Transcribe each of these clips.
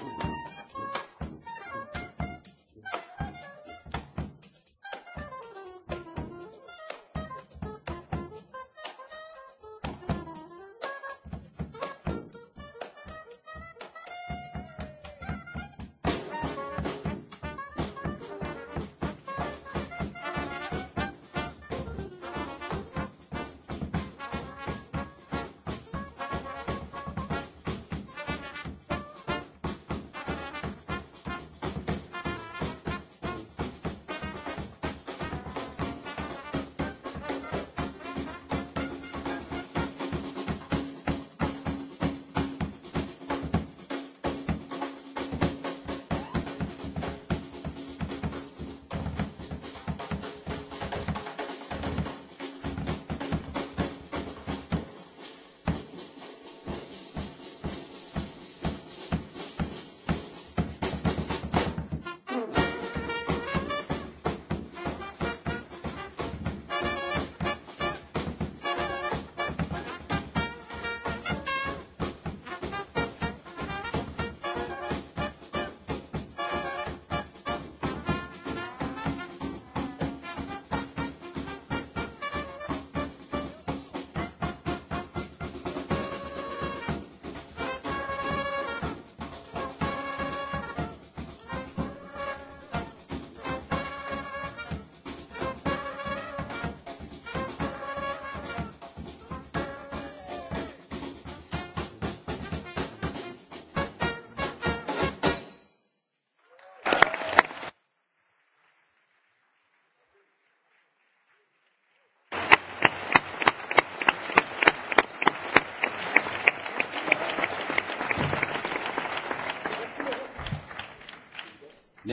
Hvala što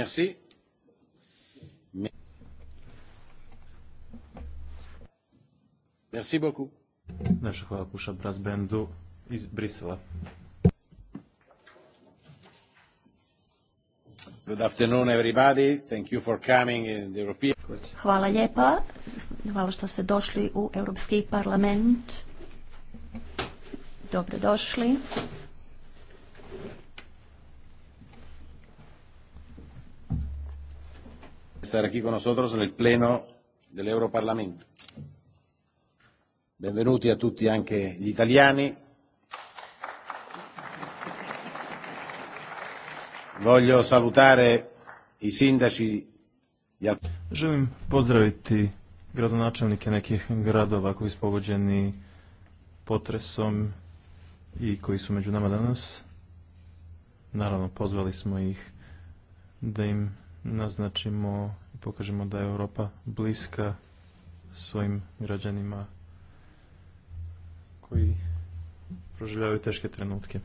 Merci. Merci beaucoup. Naša hvala Kuša Brass iz Brisela. Good afternoon everybody. Thank you for coming in the European... Hvala lijepa. Hvala što ste došli u Europski parlament. Dobrodošli. estar aquí con nosotros en el pleno del Europarlamento. Benvenuti a tutti anche gli italiani. Voglio salutare i sindaci di Želim pozdraviti gradonačelnike nekih gradova koji su pogođeni potresom i koji su među nama danas. Naravno, pozvali smo ih da im naznačimo i pokažemo da je Europa bliska svojim građanima koji proživljavaju teške trenutke.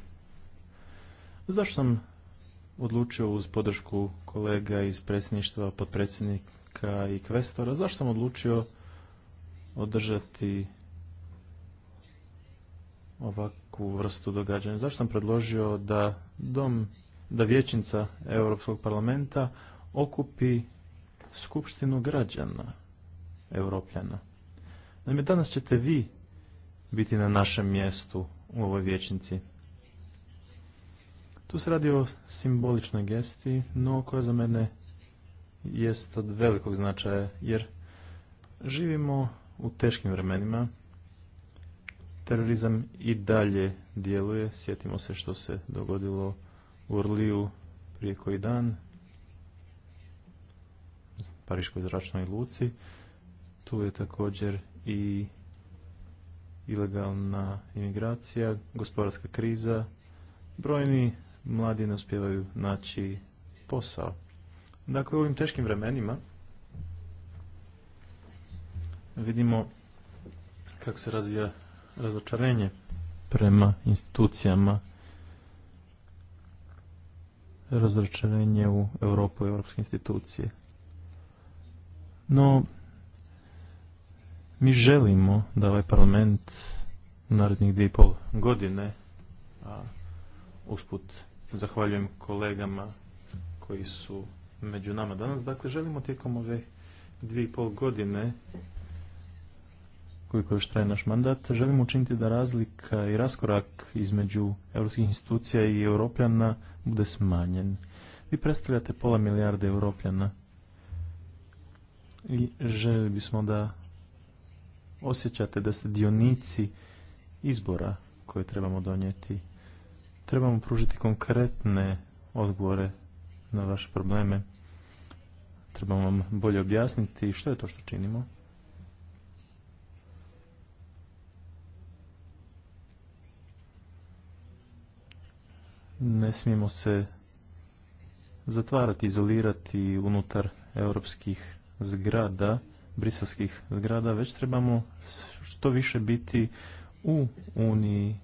Zašto sam odlučio uz podršku kolega iz predsjedništva, potpredsjednika i kvestora, zašto sam odlučio održati ovakvu vrstu događanja? Zašto sam predložio da dom, da vječnica Europskog parlamenta okupi skupštinu građana, europljana. Naime, danas ćete vi biti na našem mjestu u ovoj vječnici. Tu se radi o simboličnoj gesti, no koja za mene jest od velikog značaja, jer živimo u teškim vremenima, terorizam i dalje djeluje, sjetimo se što se dogodilo u Orliju prije koji dan, Pariškoj zračnoj luci. Tu je također i ilegalna imigracija, gospodarska kriza. Brojni mladi ne uspjevaju naći posao. Dakle, u ovim teškim vremenima vidimo kako se razvija razočarenje prema institucijama razočarenje u Europu i europske institucije. No, mi želimo da ovaj parlament narednih dvije pol godine, a usput zahvaljujem kolegama koji su među nama danas, dakle želimo tijekom ove dvije i pol godine koji još traje naš mandat, želimo učiniti da razlika i raskorak između europskih institucija i europljana bude smanjen. Vi predstavljate pola milijarde europljana i željeli bismo da osjećate da ste dionici izbora koje trebamo donijeti. Trebamo pružiti konkretne odgovore na vaše probleme. Trebamo vam bolje objasniti što je to što činimo. Ne smijemo se zatvarati, izolirati unutar europskih zgrada, briselskih zgrada, već trebamo što više biti u Uniji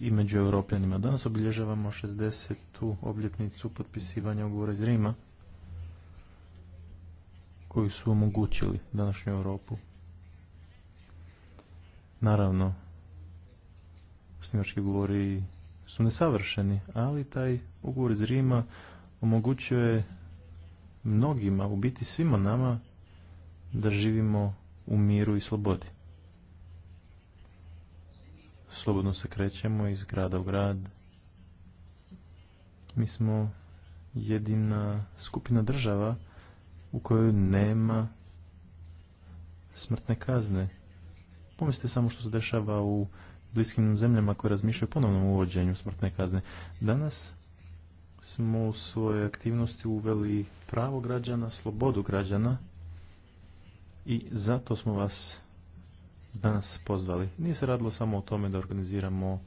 i među Europljanima. Danas obilježavamo 60. obljetnicu potpisivanja ugovora iz Rima koji su omogućili današnju Europu. Naravno, osnivački ugovori su nesavršeni, ali taj ugovor iz Rima omogućuje mnogima, u biti svima nama, da živimo u miru i slobodi. Slobodno se krećemo iz grada u grad. Mi smo jedina skupina država u kojoj nema smrtne kazne. Pomislite samo što se dešava u bliskim zemljama koje razmišljaju ponovnom uvođenju smrtne kazne. Danas smo u svoje aktivnosti uveli pravo građana, slobodu građana i zato smo vas danas pozvali. Nije se radilo samo o tome da organiziramo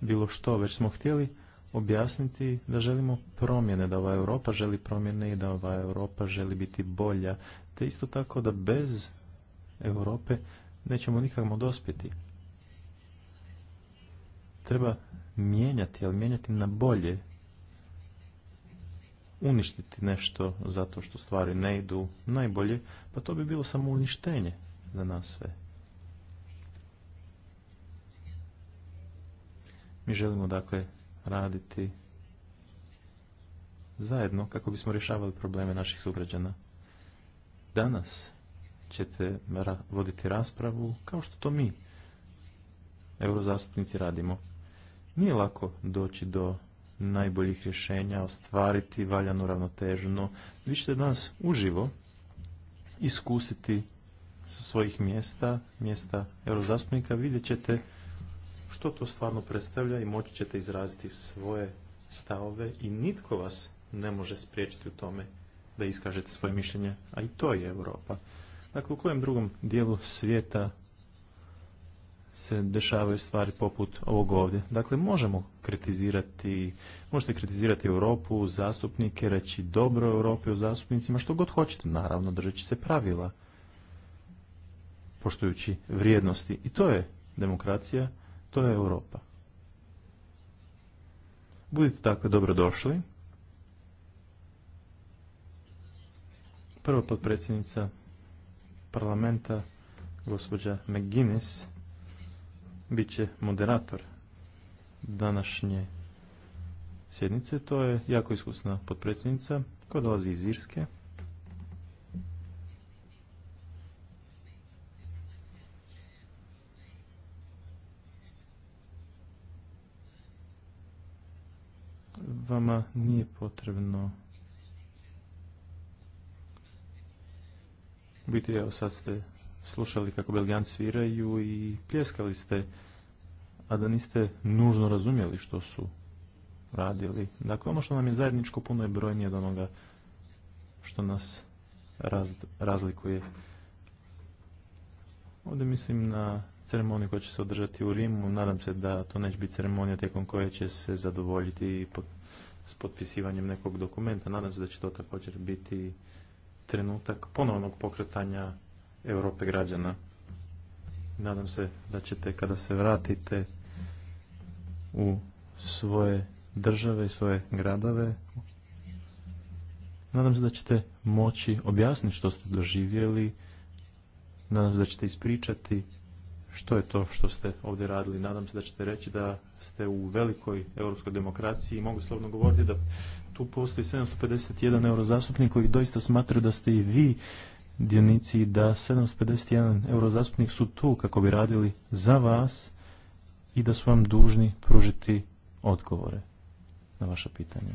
bilo što, već smo htjeli objasniti da želimo promjene, da ova Europa želi promjene i da ova Europa želi biti bolja, te isto tako da bez Europe nećemo nikakmo dospjeti treba mijenjati, ali mijenjati na bolje. Uništiti nešto zato što stvari ne idu najbolje, pa to bi bilo samo uništenje za nas sve. Mi želimo dakle raditi zajedno kako bismo rješavali probleme naših sugrađana. Danas ćete voditi raspravu kao što to mi, eurozastupnici, radimo. Nije lako doći do najboljih rješenja, ostvariti valjanu ravnotežu, no vi ćete danas uživo iskusiti sa svojih mjesta, mjesta eurozastupnika, vidjet ćete što to stvarno predstavlja i moći ćete izraziti svoje stavove i nitko vas ne može spriječiti u tome da iskažete svoje mišljenje, a i to je Europa. Dakle, u kojem drugom dijelu svijeta se dešavaju stvari poput ovog ovdje. Dakle, možemo kritizirati, možete kritizirati Europu, zastupnike, reći dobro Europi o zastupnicima, što god hoćete, naravno, držeći se pravila, poštujući vrijednosti. I to je demokracija, to je Europa. Budite dakle dobrodošli. Prva potpredsjednica parlamenta, gospođa McGuinness, bit će moderator današnje sjednice. To je jako iskusna potpredsjednica koja dolazi iz Irske. Vama nije potrebno biti, evo sad ste slušali kako Belgijanci sviraju i pljeskali ste, a da niste nužno razumjeli što su radili. Dakle, ono što nam je zajedničko puno je brojnije od onoga što nas razlikuje. Ovdje mislim na ceremoniju koja će se održati u Rimu. Nadam se da to neće biti ceremonija tijekom koje će se zadovoljiti s potpisivanjem nekog dokumenta. Nadam se da će to također biti trenutak ponovnog pokretanja Europe građana. Nadam se da ćete kada se vratite u svoje države i svoje gradove, nadam se da ćete moći objasniti što ste doživjeli, nadam se da ćete ispričati što je to što ste ovdje radili. Nadam se da ćete reći da ste u velikoj europskoj demokraciji i mogu slobodno govoriti da tu postoji 751 zastupnik koji doista smatraju da ste i vi dionici da 751 zastupnik su tu kako bi radili za vas i da su vam dužni pružiti odgovore na vaša pitanja.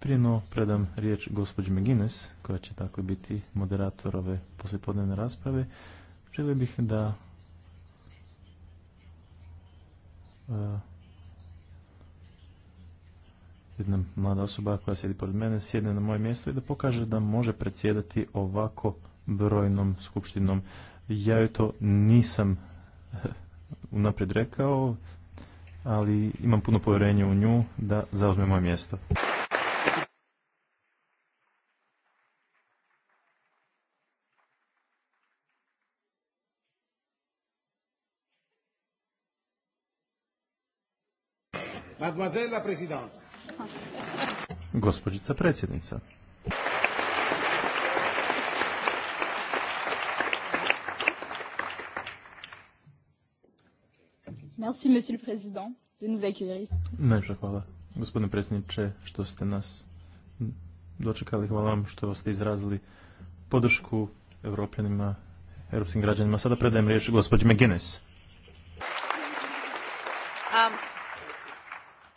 Prije no predam riječ gospođi Megines, koja će dakle biti moderator ove poslijepodnevne rasprave, želio bih da e, jedna mlada osoba koja sjedi pored mene sjedne na moje mjesto i da pokaže da može predsjedati ovako brojnom skupštinom. Ja joj to nisam eh, unaprijed rekao, ali imam puno povjerenja u nju da zauzme moje mjesto. Mademoiselle la Présidente, Gospođica predsjednica. Merci, monsieur le président, de nous accueillir. hvala, gospodine predsjedniče, što ste nas dočekali. Hvala vam što ste izrazili podršku evropljanima, europskim građanima. Sada predajem riječ gospođi McGuinness.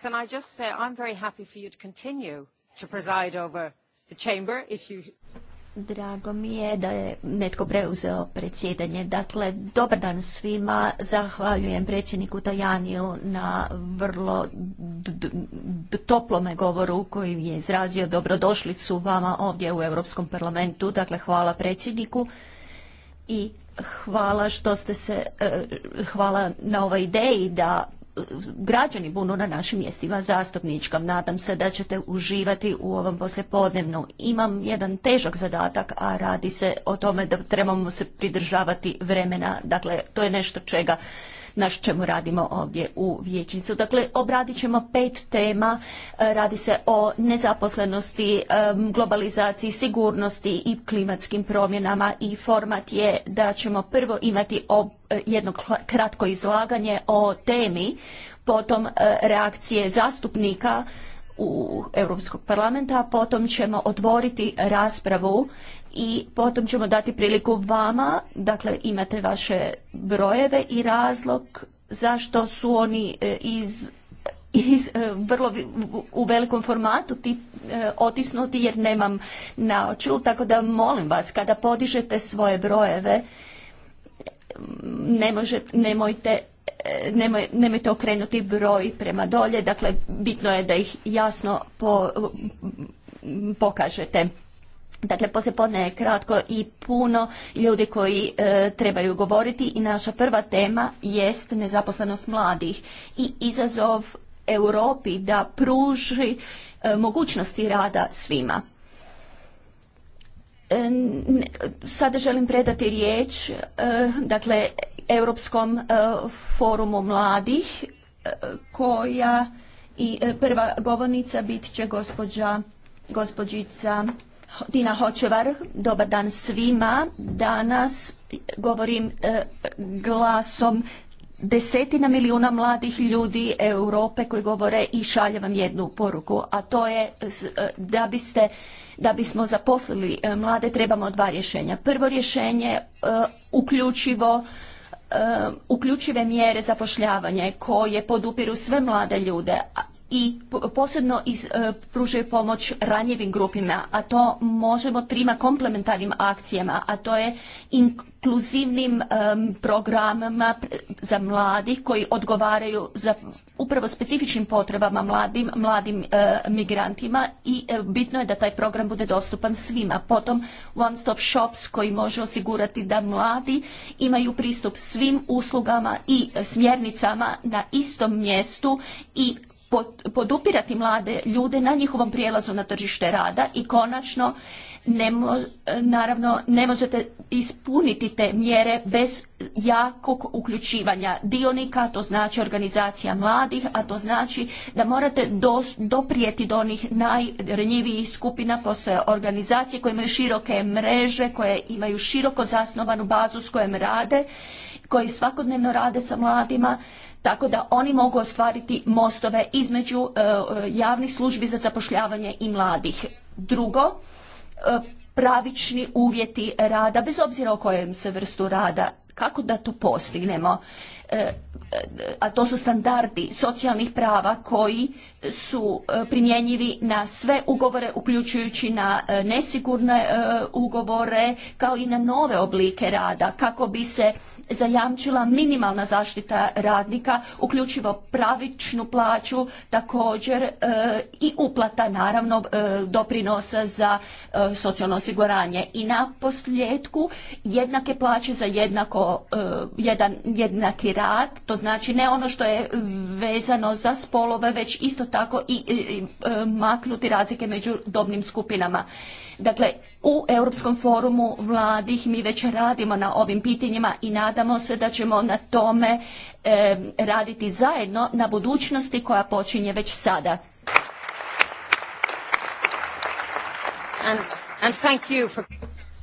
can I just say I'm very happy for you to continue to preside over the chamber if you... Drago mi je da je netko preuzeo predsjedanje. Dakle, dobar dan svima. Zahvaljujem predsjedniku Tajaniju na vrlo toplome govoru koji je izrazio dobrodošlicu vama ovdje u Europskom parlamentu. Dakle, hvala predsjedniku i hvala što ste se, eh, hvala na ovoj ideji da građani bunu na našim mjestima zastupničkom. Nadam se da ćete uživati u ovom poslijepodnevnu. Imam jedan težak zadatak, a radi se o tome da trebamo se pridržavati vremena. Dakle, to je nešto čega na čemu radimo ovdje u vijećnicu. Dakle, obradit ćemo pet tema, e, radi se o nezaposlenosti, e, globalizaciji, sigurnosti i klimatskim promjenama i format je da ćemo prvo imati e, jedno kratko izlaganje o temi, potom reakcije zastupnika u Europskog parlamenta, potom ćemo otvoriti raspravu i potom ćemo dati priliku vama, dakle imate vaše brojeve i razlog zašto su oni e, iz e, vrlo u velikom formatu ti e, otisnuti jer nemam naočilu, tako da molim vas kada podižete svoje brojeve ne možete, nemojte nemojte okrenuti broj prema dolje, dakle bitno je da ih jasno pokažete. Dakle, poslijepodne je kratko i puno ljudi koji e, trebaju govoriti i naša prva tema jest nezaposlenost mladih i izazov Europi da pruži e, mogućnosti rada svima. E, sada želim predati riječ e, dakle, Europskom forumu mladih koja i prva govornica bit će gospođa, gospođica Dina Hočevar, dobar dan svima. Danas govorim e, glasom desetina milijuna mladih ljudi Europe koji govore i šalje vam jednu poruku, a to je e, da biste da bismo zaposlili e, mlade trebamo dva rješenja. Prvo rješenje uključivo uključive mjere zapošljavanja koje podupiru sve mlade ljude i posebno e, pružaju pomoć ranjivim grupima, a to možemo trima komplementarnim akcijama, a to je inkluzivnim programima programama za mladih koji odgovaraju za upravo specifičnim potrebama mladim, mladim e, migrantima i e, bitno je da taj program bude dostupan svima. Potom One Stop Shops koji može osigurati da mladi imaju pristup svim uslugama i smjernicama na istom mjestu i podupirati mlade ljude na njihovom prijelazu na tržište rada i konačno ne naravno ne možete ispuniti te mjere bez jakog uključivanja dionika, to znači organizacija mladih, a to znači da morate doprijeti do onih najranjivijih skupina, postoje organizacije koje imaju široke mreže, koje imaju široko zasnovanu bazu s kojom rade, koji svakodnevno rade sa mladima tako da oni mogu ostvariti mostove između e, e, javnih službi za zapošljavanje i mladih. Drugo, e, pravični uvjeti rada, bez obzira o kojem se vrstu rada, kako da to postignemo? a to su standardi socijalnih prava koji su primjenjivi na sve ugovore uključujući na nesigurne ugovore kao i na nove oblike rada kako bi se zajamčila minimalna zaštita radnika, uključivo pravičnu plaću, također e, i uplata naravno e, doprinosa za e, socijalno osiguranje. I na posljedku jednake plaće za jednako, jedan, jednaki rad, to znači ne ono što je vezano za spolove, već isto tako i maknuti razlike među dobnim skupinama. Dakle, u Europskom forumu mladih mi već radimo na ovim pitanjima i nadamo se da ćemo na tome e, raditi zajedno na budućnosti koja počinje već sada.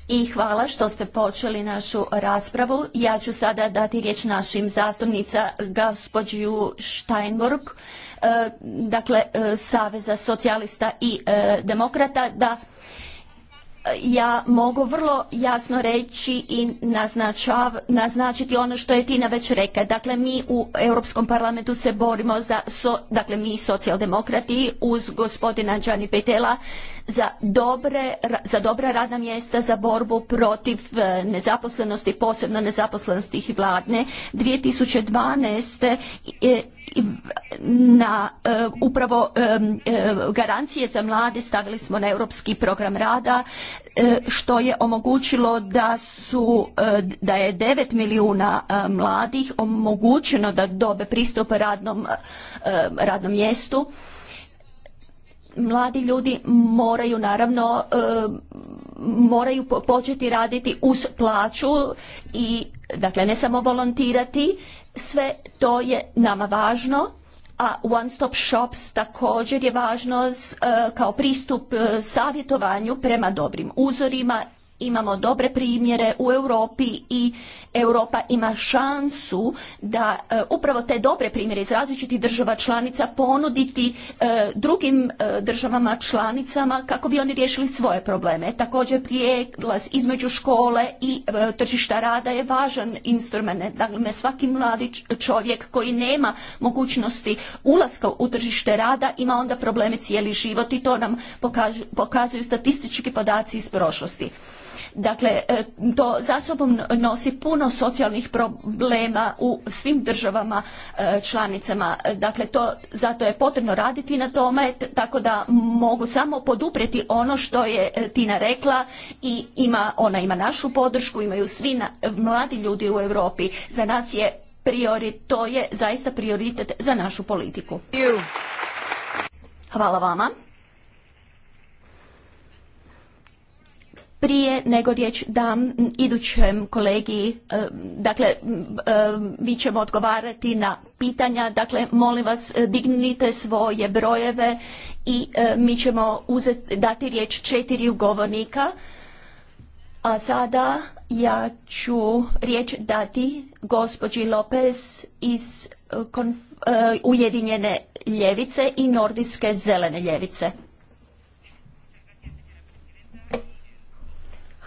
I hvala što ste počeli našu raspravu. Ja ću sada dati riječ našim zastupnica gospođu Steinburg, e, dakle e, Saveza socijalista i demokrata da ja mogu vrlo jasno reći i naznačiti ono što je Tina već rekla. Dakle, mi u Europskom parlamentu se borimo za, dakle mi socijaldemokrati uz gospodina Gianni Petela za, dobre, za dobra radna mjesta, za borbu protiv e, nezaposlenosti, posebno nezaposlenosti i vladne. 2012. E, na e, upravo garancije za mlade stavili smo na europski program rada što je omogućilo da su da je 9 milijuna mladih omogućeno da dobe pristup radnom radnom mjestu mladi ljudi moraju naravno e, moraju početi raditi uz plaću i dakle ne samo volontirati sve to je nama važno a one stop shops također je važno e, kao pristup e, savjetovanju prema dobrim uzorima imamo dobre primjere u Europi i Europa ima šansu da e, upravo te dobre primjere iz različitih država članica ponuditi e, drugim e, državama članicama kako bi oni riješili svoje probleme. Također prijeglas između škole i tržišta rada je važan instrument. Dakle, svaki mladi čovjek koji nema mogućnosti ulaska u tržište rada ima onda probleme cijeli život i to nam pokazuju statistički podaci iz prošlosti. Dakle, e, to za sobom nosi puno socijalnih problema u svim državama e, članicama. E, dakle, to, zato je potrebno raditi na tome, tako da mogu samo poduprijeti ono što je Tina rekla i ima, ona ima našu podršku, imaju svi mladi ljudi u Europi. Za nas je prioritet, to je zaista prioritet za našu politiku. Hvala vama. prije nego riječ dam idućem kolegi, e, dakle e, mi ćemo odgovarati na pitanja, dakle molim vas e, dignite svoje brojeve i mi ćemo dati riječ četiri govornika. A sada ja ću riječ dati gospođi Lopez iz Ujedinjene ljevice i Nordijske zelene ljevice.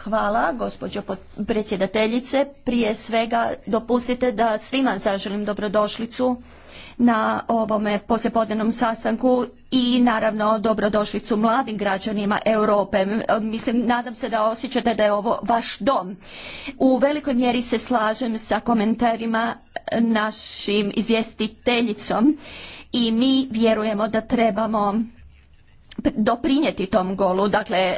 Hvala, gospođo predsjedateljice. Prije svega dopustite da svima zaželim dobrodošlicu na ovome poslijepodnevnom sastanku i naravno dobrodošlicu mladim građanima Europe. Mislim, nadam se da osjećate da je ovo vaš dom. U velikoj mjeri se slažem sa komentarima e, našim izvjestiteljicom i mi vjerujemo da trebamo doprinijeti tom golu, dakle e,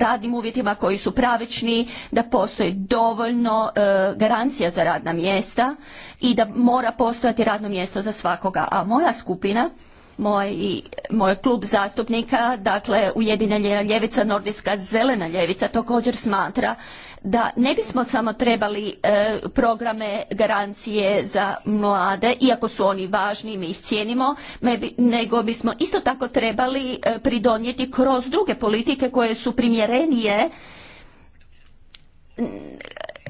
radnim uvjetima koji su pravični, da postoji dovoljno e, garancija za radna mjesta i da mora postojati radno mjesto za svakoga. A moja skupina moj, moj klub zastupnika, dakle Ujedinjena ljevica, Nordijska zelena ljevica također smatra da ne bismo samo trebali e, programe garancije za mlade, iako su oni važni i mi ih cijenimo, nego bismo isto tako trebali e, pridonijeti kroz druge politike koje su primjerenije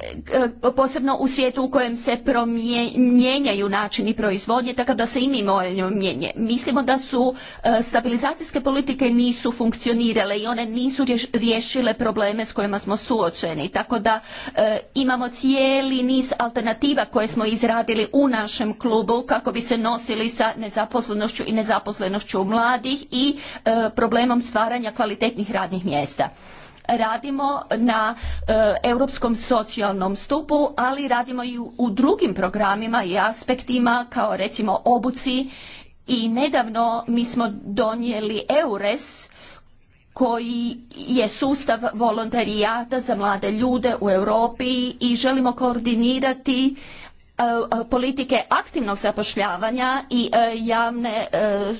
E, posebno u svijetu u kojem se promijenjaju načini proizvodnje, tako da se i mi moramo mijenje. Mislimo da su e, stabilizacijske politike nisu funkcionirale i one nisu riješile probleme s kojima smo suočeni. Tako da e, imamo cijeli niz alternativa koje smo izradili u našem klubu kako bi se nosili sa nezaposlenošću i nezaposlenošću mladih i problemom stvaranja kvalitetnih radnih mjesta radimo na e, europskom socijalnom stupu, ali radimo i u, drugim programima i aspektima kao recimo obuci i nedavno mi smo donijeli EURES koji je sustav volontarijata za mlade ljude u Europi i želimo koordinirati e, politike aktivnog zapošljavanja i e, javne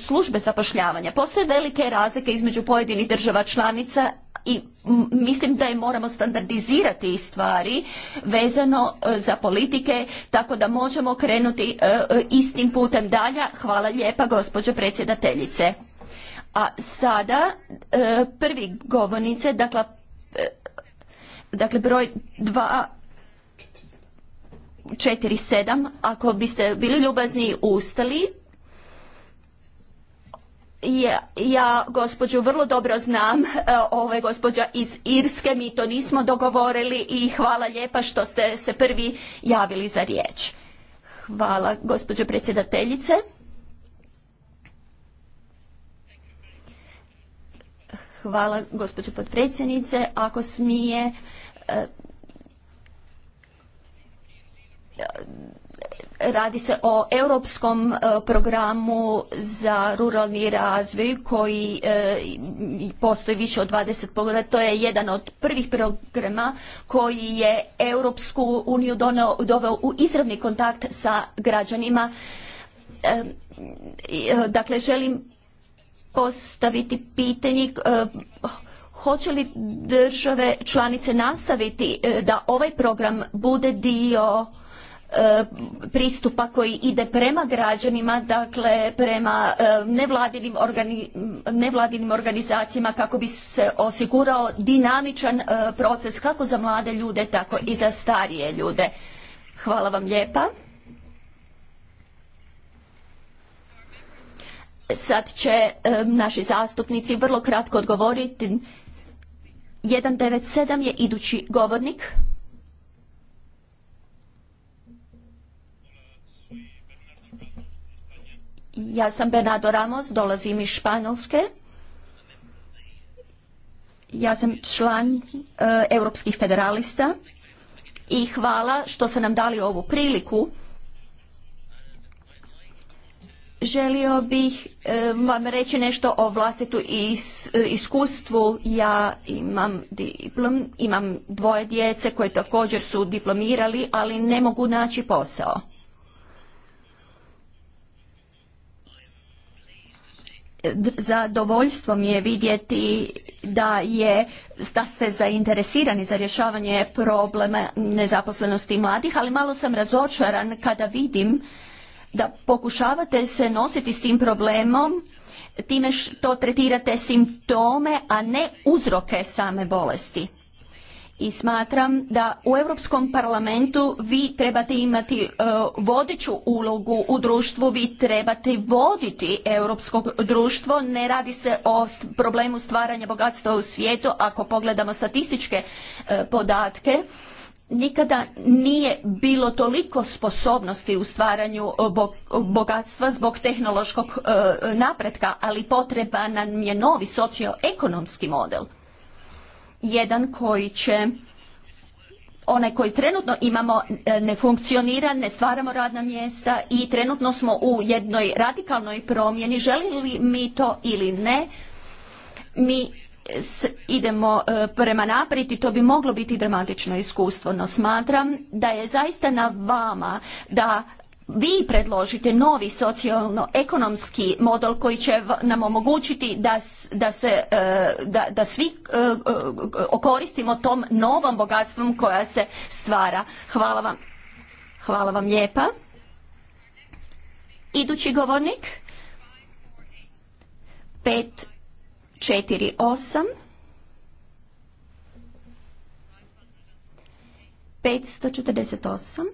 službe zapošljavanja. Postoje velike razlike između pojedinih država članica i mislim da je moramo standardizirati stvari vezano e, za politike tako da možemo krenuti e, e, istim putem dalje. Hvala lijepa gospođo predsjedateljice. A sada prvi govornice, dakle, dakle broj dva sedam Ako biste bili ljubazni ustali, ja, ja gospođu vrlo dobro znam, e, ovo je gospođa iz Irske, mi to nismo dogovorili i hvala lijepa što ste se prvi javili za riječ. Hvala gospođo predsjedateljice. Hvala gospođo potpredsjednice. Ako smije, e, Radi se o europskom e, programu za ruralni razvoj koji e, postoji više od 20 pogleda. To je jedan od prvih programa koji je Europsku uniju doveo u izravni kontakt sa građanima. E, dakle, želim postaviti pitanje hoće li države članice nastaviti da ovaj program bude dio E, pristupa koji ide prema građanima, dakle prema e, nevladinim, organizacijama kako bi se osigurao dinamičan e, proces kako za mlade ljude, tako i za starije ljude. Hvala vam lijepa. Sad će naši zastupnici vrlo kratko odgovoriti. 197 je idući govornik. Ja sam Bernardo Ramos, dolazim iz Španjolske. Ja sam član e, europskih federalista i hvala što ste nam dali ovu priliku. Želio bih e, vam reći nešto o vlastitu e, iskustvu. Ja imam diplom, imam dvoje djece koje također su diplomirali, ali ne mogu naći posao. zadovoljstvo mi je vidjeti da je da ste zainteresirani za rješavanje problema nezaposlenosti mladih, ali malo sam razočaran kada vidim da pokušavate se nositi s tim problemom time što tretirate simptome, a ne uzroke same bolesti i smatram da u Europskom parlamentu vi trebate imati e, vodeću ulogu u društvu, vi trebate voditi europsko društvo. Ne radi se o problemu stvaranja bogatstva u svijetu ako pogledamo statističke e, podatke nikada nije bilo toliko sposobnosti u stvaranju e, bogatstva zbog tehnološkog napretka, ali potreba nam je novi socioekonomski model jedan koji će onaj koji trenutno imamo e, ne funkcionira, ne stvaramo radna mjesta i trenutno smo u jednoj radikalnoj promjeni. želi li mi to ili ne, mi idemo e, prema naprijed i to bi moglo biti dramatično iskustvo. No smatram da je zaista na vama da vi predložite novi socijalno-ekonomski model koji će nam omogućiti da, se, e, da, da svi e, e, okoristimo tom novom bogatstvom koja se stvara. Hvala vam. Hvala vam lijepa. Idući govornik. 5, 4, 8. 548.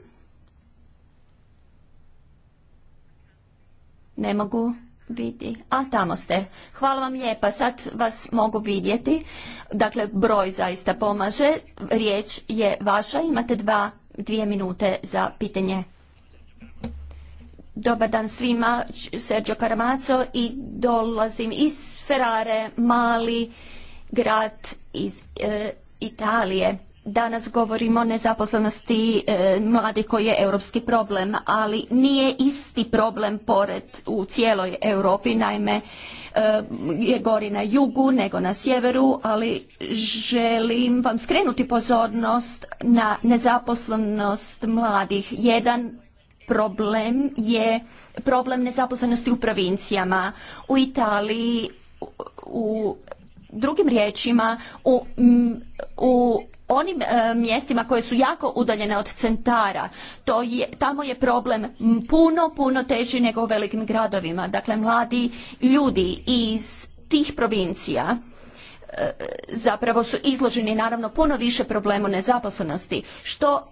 Ne mogu biti. A tamo ste. Hvala vam lijepa. Sad vas mogu vidjeti. Dakle, broj zaista pomaže. Riječ je vaša. Imate dva, dvije minute za pitanje. Dobar dan svima. Sergio karamaco i dolazim iz Ferrare, mali grad iz e, Italije. Danas govorimo o nezaposlenosti mladi e, mladih koji je europski problem, ali nije isti problem pored u cijeloj Europi, naime e, je gori na jugu nego na sjeveru, ali želim vam skrenuti pozornost na nezaposlenost mladih. Jedan problem je problem nezaposlenosti u provincijama. U Italiji u drugim riječima u, u onim e, mjestima koje su jako udaljene od centara to je, tamo je problem puno puno teži nego u velikim gradovima dakle mladi ljudi iz tih provincija zapravo su izloženi naravno puno više problemu nezaposlenosti. Što,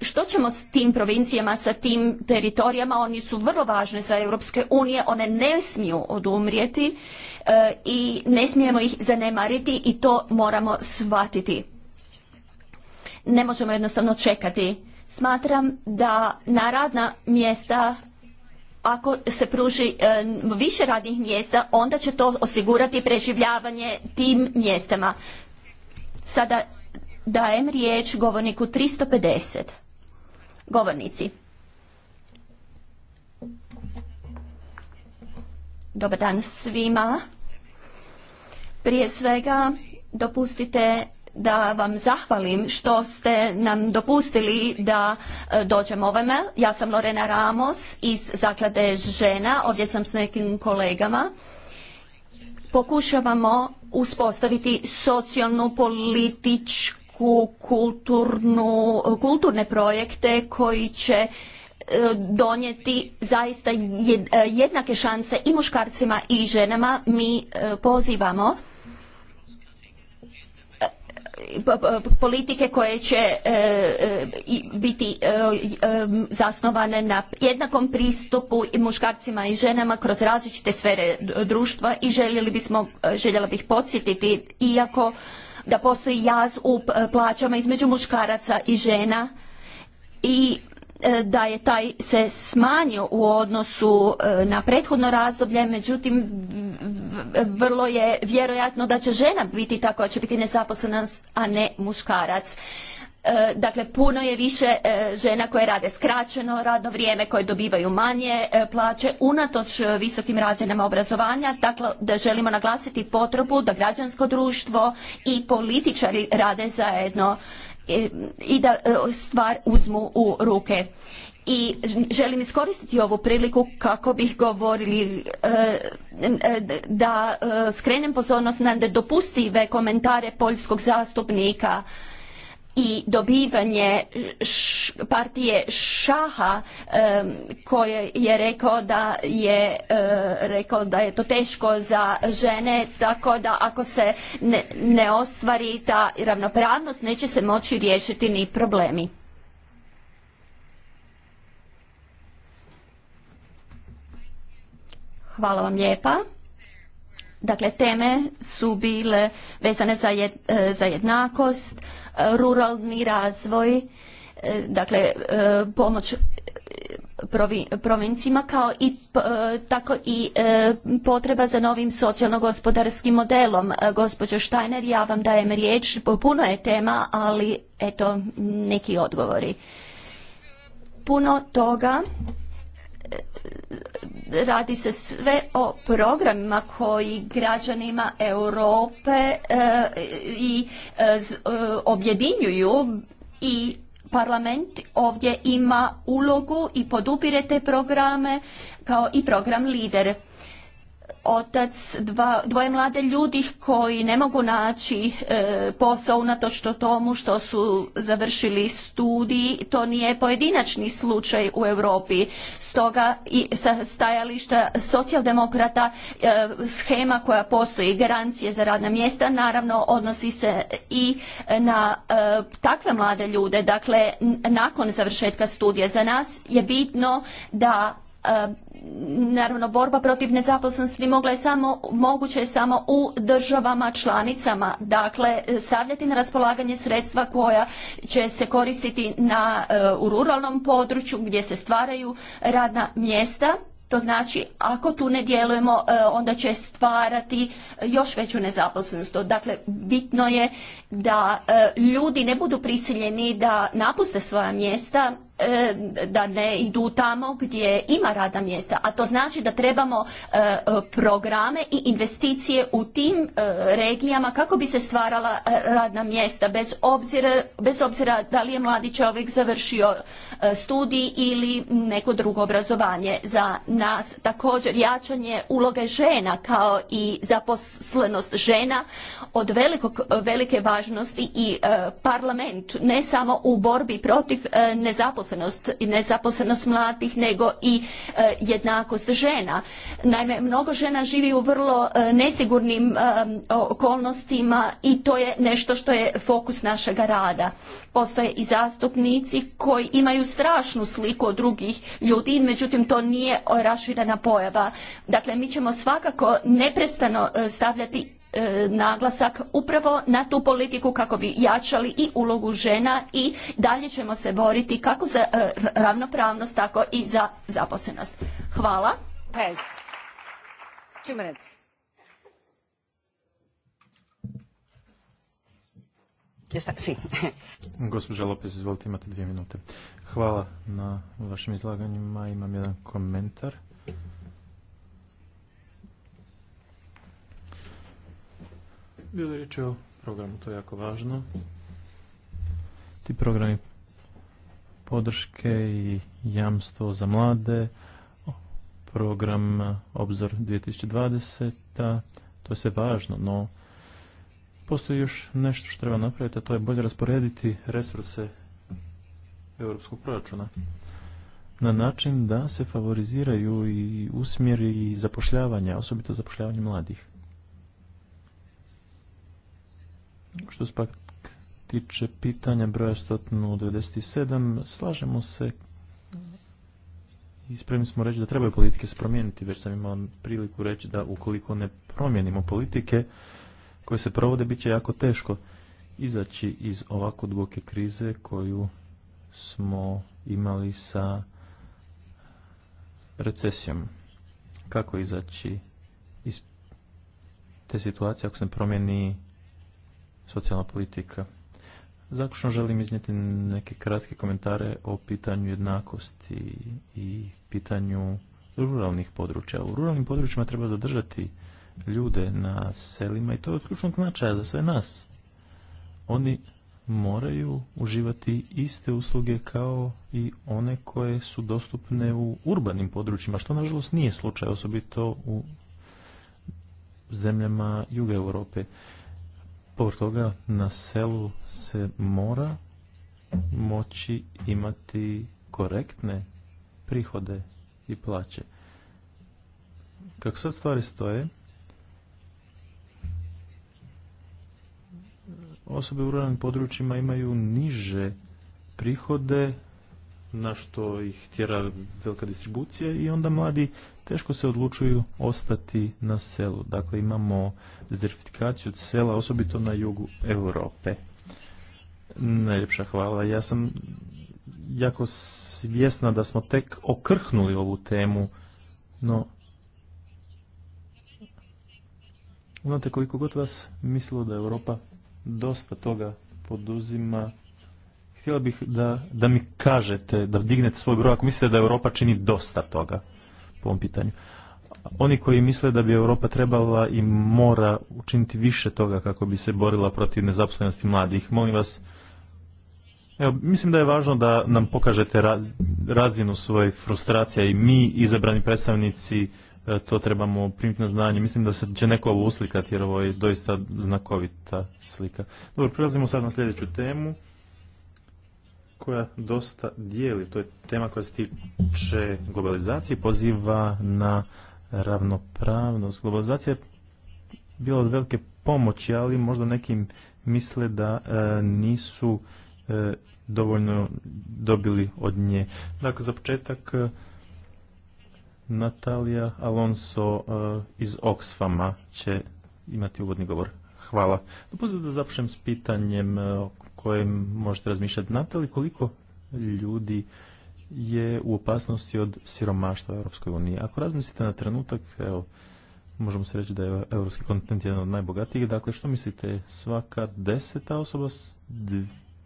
što ćemo s tim provincijama, sa tim teritorijama? Oni su vrlo važne za Europske unije, one ne smiju odumrijeti eh, i ne smijemo ih zanemariti i to moramo shvatiti. Ne možemo jednostavno čekati. Smatram da na radna mjesta ako se pruži e, više radnih mjesta, onda će to osigurati preživljavanje tim mjestama. Sada dajem riječ govorniku 350. Govornici. Dobar dan svima. Prije svega dopustite da vam zahvalim što ste nam dopustili da e, dođem ovome. Ja sam Lorena Ramos iz Zaklade žena, ovdje sam s nekim kolegama. Pokušavamo uspostaviti socijalnu političku kulturnu, kulturne projekte koji će e, donijeti zaista e, jednake šanse i muškarcima i ženama. Mi pozivamo politike koje će e, e, biti e, zasnovane na jednakom pristupu i muškarcima i ženama kroz različite sfere društva i željeli bismo, željela bih podsjetiti iako da postoji jaz u plaćama između muškaraca i žena i da je taj se smanjio u odnosu na prethodno razdoblje, međutim vrlo je vjerojatno da će žena biti ta koja će biti nezaposlena, a ne muškarac. E, dakle, puno je više e, žena koje rade skraćeno radno vrijeme, koje dobivaju manje e, plaće, unatoč visokim razinama obrazovanja. Dakle, da želimo naglasiti potrebu da građansko društvo i političari rade zajedno i da stvar uzmu u ruke i želim iskoristiti ovu priliku kako bih govorili e, e, da e, skrenem pozornost na nedopustive komentare poljskog zastupnika i dobivanje partije šaha koje je rekao da je rekao da je to teško za žene tako da ako se ne, ne ostvari ta ravnopravnost neće se moći riješiti ni problemi Hvala vam lijepa. Dakle, teme su bile vezane za, e, za jednakost, e, ruralni razvoj, e, dakle, pomoć provincima kao i tako i potreba za novim socijalno-gospodarskim modelom. Gospođo Štajner, ja vam dajem riječ, puno je tema, ali eto neki odgovori. Puno toga radi se sve o programima koji građanima Europe e, i e, e, objedinjuju i parlament ovdje ima ulogu i podupire te programe kao i program lider otac dva, dvoje mlade ljudi koji ne mogu naći e, posao unatoč tomu što su završili studij. To nije pojedinačni slučaj u Europi. Stoga i sa stajališta socijaldemokrata e, schema koja postoji garancije za radna mjesta naravno odnosi se i na e, takve mlade ljude. Dakle, nakon završetka studija za nas je bitno da naravno borba protiv nezaposlenosti mogla je samo, moguće je samo u državama članicama. Dakle, stavljati na raspolaganje sredstva koja će se koristiti e, u ruralnom području gdje se stvaraju radna mjesta. To znači, ako tu ne djelujemo, e, onda će stvarati još veću nezaposlenost. Dakle, bitno je da e, ljudi ne budu prisiljeni da napuste svoja mjesta E, da ne idu tamo gdje ima radna mjesta, a to znači da trebamo e, programe i investicije u tim e, regijama kako bi se stvarala radna mjesta bez obzira, bez obzira da li je mladi čovjek završio studij ili neko drugo obrazovanje. Za nas također jačanje uloge žena kao i zaposlenost žena od velikog, velike važnosti i parlament ne samo u borbi protiv nezaposlenosti nezaposlenost i nezaposlenost mladih nego i e, jednakost žena. Naime, mnogo žena živi u vrlo e, nesigurnim e, okolnostima i to je nešto što je fokus našega rada. Postoje i zastupnici koji imaju strašnu sliku od drugih ljudi, međutim to nije raširena pojava. Dakle, mi ćemo svakako neprestano stavljati E, naglasak upravo na tu politiku kako bi jačali i ulogu žena i dalje ćemo se boriti kako za e, ravnopravnost tako i za zaposlenost. Hvala. Pez. minutes. Lopez, izvolite, imate dvije minute. Hvala na vašim izlaganjima. Imam jedan komentar. Bilo je riječ o programu, to je jako važno. Ti programi podrške i jamstvo za mlade, program Obzor 2020, to je sve važno, no postoji još nešto što treba napraviti, a to je bolje rasporediti resurse europskog proračuna na način da se favoriziraju i usmjeri zapošljavanja, osobito zapošljavanje mladih. Što se pak tiče pitanja broja 197, slažemo se i spremni smo reći da trebaju politike se promijeniti. Već sam imao priliku reći da ukoliko ne promijenimo politike koje se provode, bit će jako teško izaći iz ovako duboke krize koju smo imali sa recesijom. Kako izaći iz te situacije ako se promijeni socijalna politika. Zaključno želim iznijeti neke kratke komentare o pitanju jednakosti i pitanju ruralnih područja. U ruralnim područjima treba zadržati ljude na selima i to je od ključnog značaja za sve nas. Oni moraju uživati iste usluge kao i one koje su dostupne u urbanim područjima, što nažalost nije slučaj, osobito u zemljama Juga Europe pored toga na selu se mora moći imati korektne prihode i plaće. Kako sad stvari stoje, osobe u ruralnim područjima imaju niže prihode na što ih tjera velika distribucija i onda mladi teško se odlučuju ostati na selu. Dakle, imamo dezertifikaciju sela, osobito na jugu Europe. Najljepša hvala. Ja sam jako svjesna da smo tek okrhnuli ovu temu, no Znate koliko god vas mislilo da Europa dosta toga poduzima, htjela bih da, da mi kažete, da dignete svoj broj ako mislite da Europa čini dosta toga po ovom pitanju. Oni koji misle da bi Europa trebala i mora učiniti više toga kako bi se borila protiv nezaposlenosti mladih, molim vas, Evo, mislim da je važno da nam pokažete razinu svojih frustracija i mi, izabrani predstavnici, e, to trebamo primiti na znanje. Mislim da se će neko ovo uslikati jer ovo je doista znakovita slika. Dobro, prelazimo sad na sljedeću temu koja dosta dijeli, to je tema koja se tiče globalizacije, poziva na ravnopravnost. Globalizacija je bila od velike pomoći, ali možda nekim misle da e, nisu e, dovoljno dobili od nje. Dakle, za početak e, Natalija Alonso iz Oxfama će imati uvodni govor. Hvala. Dopustite da započnem s pitanjem kojem možete razmišljati. Znate li koliko ljudi je u opasnosti od siromaštva u Europskoj uniji? Ako razmislite na trenutak, evo, možemo se reći da je europski kontinent jedan od najbogatijih. Dakle, što mislite, svaka deseta osoba,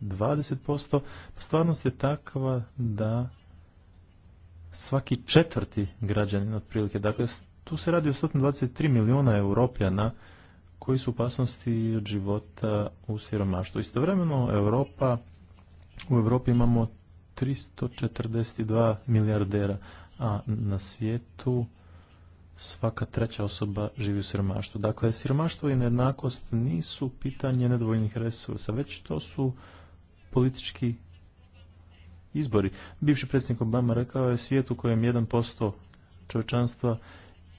20%, pa stvarnost je takva da svaki četvrti građanin otprilike. Dakle, tu se radi o 123 milijuna europljana koji su opasnosti od života u siromaštvu. Istovremeno Europa, u Europi imamo 342 milijardera, a na svijetu svaka treća osoba živi u siromaštvu. Dakle, siromaštvo i nejednakost nisu pitanje nedovoljnih resursa, već to su politički izbori. Bivši predsjednik Obama rekao je svijet u kojem 1% čovječanstva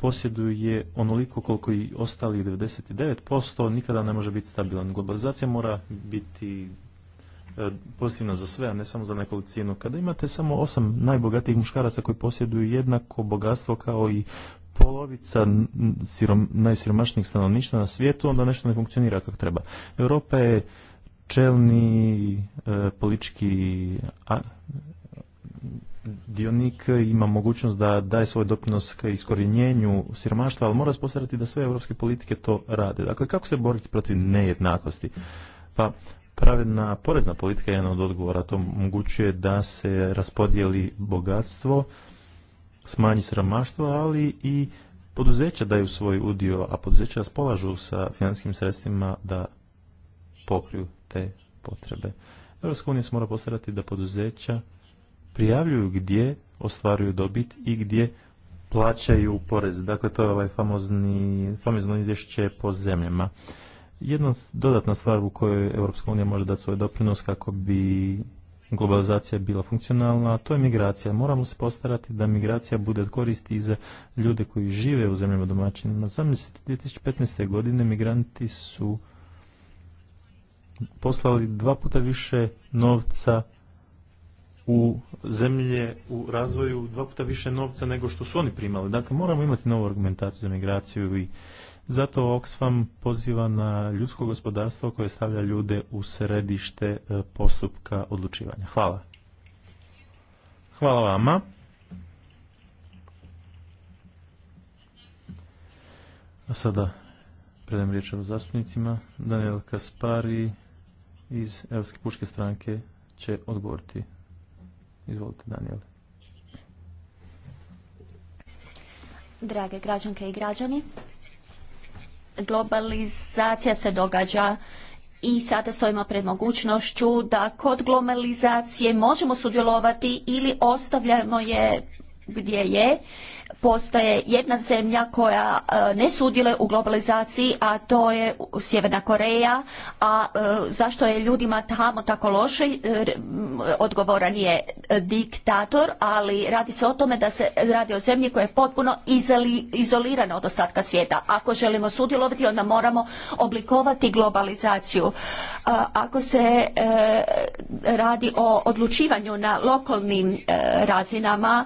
posjeduje onoliko koliko i ostalih 99%, nikada ne može biti stabilan. Globalizacija mora biti e, pozitivna za sve, a ne samo za nekolicinu. Kada imate samo osam najbogatijih muškaraca koji posjeduju jednako bogatstvo kao i polovica najsiromašnijih stanovništva na svijetu, onda nešto ne funkcionira kako treba. Europa je čelni e, politički a, dionik ima mogućnost da daje svoj doprinos ka iskorjenjenju siromaštva, ali mora spostaviti da sve europske politike to rade. Dakle, kako se boriti protiv nejednakosti? Pa, pravedna porezna politika je jedna od odgovora. To omogućuje da se raspodijeli bogatstvo, smanji siromaštvo, ali i poduzeća daju svoj udio, a poduzeća raspolažu sa financijskim sredstvima da pokriju te potrebe. Europska unija se mora postarati da poduzeća prijavljuju gdje ostvaruju dobit i gdje plaćaju porez. Dakle, to je ovaj famozni, famozno izvješće po zemljama. Jedna dodatna stvar u kojoj Europska unija može dati svoj doprinos kako bi globalizacija bila funkcionalna, a to je migracija. Moramo se postarati da migracija bude koristi i za ljude koji žive u zemljama domaćinima. Zamislite, 2015. godine migranti su poslali dva puta više novca u zemlje u razvoju dva puta više novca nego što su oni primali. Dakle, moramo imati novu argumentaciju za migraciju i zato Oxfam poziva na ljudsko gospodarstvo koje stavlja ljude u središte e, postupka odlučivanja. Hvala. Hvala vama. A sada predajem riječ o zastupnicima. Daniel Kaspari iz Europske puške stranke će odgovoriti Izvolite, Daniel. Drage građanke i građani, globalizacija se događa i sada stojimo pred mogućnošću da kod globalizacije možemo sudjelovati ili ostavljamo je gdje je postaje jedna zemlja koja e, ne sudjeluje u globalizaciji, a to je Sjeverna Koreja, a e, zašto je ljudima tamo tako loše, e, odgovoran je diktator, ali radi se o tome da se radi o zemlji koja je potpuno izolirana od ostatka svijeta. Ako želimo sudjelovati, onda moramo oblikovati globalizaciju. Ako se radi o odlučivanju na lokalnim razinama,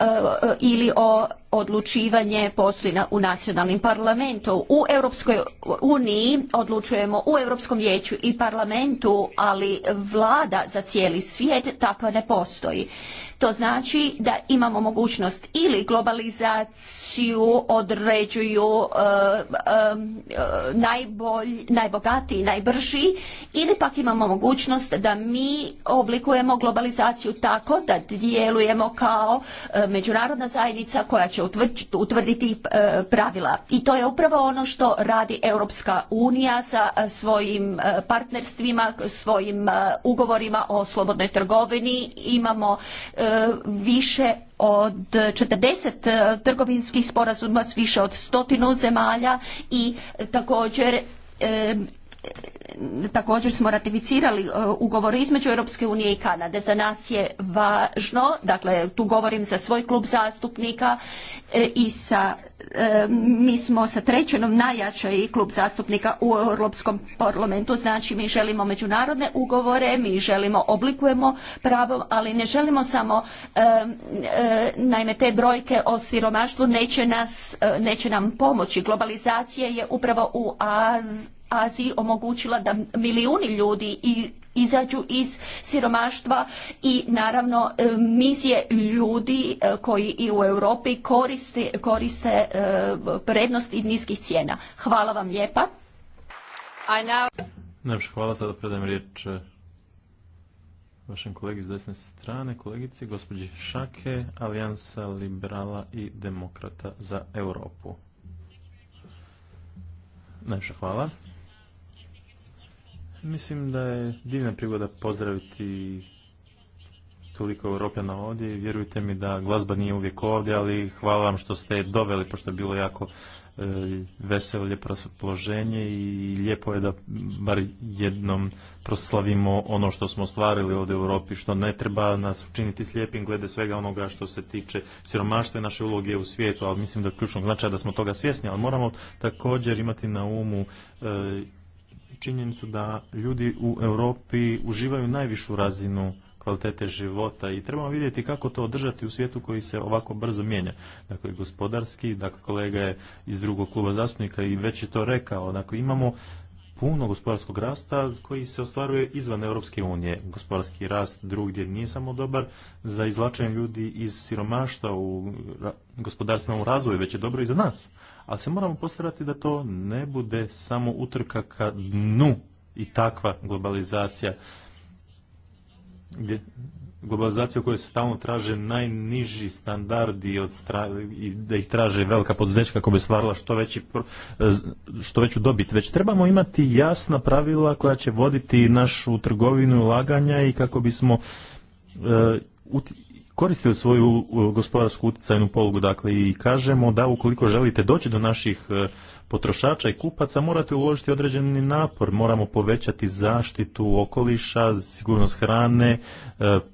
E, ili o odlučivanje postoji u nacionalnim parlamentu. U Europskoj uniji odlučujemo u Europskom vijeću i parlamentu, ali vlada za cijeli svijet takva ne postoji. To znači da imamo mogućnost ili globalizaciju određuju e, e, e, najbolji, najbogatiji, najbrži ili pak imamo mogućnost da mi oblikujemo globalizaciju tako da djelujemo kao međunarodna zajednica koja će utvrditi e, pravila. I to je upravo ono što radi Europska unija sa e, svojim e, partnerstvima, svojim ugovorima o slobodnoj trgovini. Imamo više od 40 trgovinskih sporazuma s više od stotinu zemalja i također također smo ratificirali e, ugovor između Europske unije i Kanade. Za nas je važno, dakle tu govorim za svoj klub zastupnika e, i sa e, mi smo sa trećenom najjačaj klub zastupnika u Europskom parlamentu, znači mi želimo međunarodne ugovore, mi želimo oblikujemo pravo, ali ne želimo samo naime te brojke o siromaštvu neće nas, neće nam pomoći. Globalizacija je upravo u az Aziji omogućila da milijuni ljudi izađu iz siromaštva i naravno e, mizije ljudi e, koji i u Europi koriste, koriste e, prednosti niskih cijena. Hvala vam lijepa. Najviše hvala, sada predajem riječ vašem kolegi s desne strane, kolegici, gospođi Šake, Alijansa liberala i demokrata za Europu. Najviše hvala. Mislim da je divna prigoda pozdraviti toliko Europljana ovdje i vjerujte mi da glazba nije uvijek ovdje, ali hvala vam što ste je doveli, pošto je bilo jako e, veselo, lijepo raspoloženje i lijepo je da bar jednom proslavimo ono što smo ostvarili ovdje u Europi, što ne treba nas učiniti slijepim glede svega onoga što se tiče siromaštva i naše uloge u svijetu, ali mislim da je ključnog značaja da smo toga svjesni, ali moramo također imati na umu e, činjenicu da ljudi u Europi uživaju najvišu razinu kvalitete života i trebamo vidjeti kako to održati u svijetu koji se ovako brzo mijenja. Dakle, gospodarski, dakle, kolega je iz drugog kluba zastupnika i već je to rekao. Dakle, imamo puno gospodarskog rasta koji se ostvaruje izvan Europske unije. Gospodarski rast drugdje nije samo dobar za izlačenje ljudi iz siromaštva u gospodarstvenom razvoju, već je dobro i za nas ali se moramo postarati da to ne bude samo utrka ka dnu i takva globalizacija gdje globalizacija u kojoj se stalno traže najniži standardi od i da ih traže velika poduzeća kako bi stvarila što, veći, što veću dobit. Već trebamo imati jasna pravila koja će voditi našu trgovinu i ulaganja i kako bismo e, koristili svoju gospodarsku utjecajnu polugu, dakle i kažemo da ukoliko želite doći do naših e, potrošača i kupaca morate uložiti određeni napor, moramo povećati zaštitu okoliša, sigurnost hrane, e,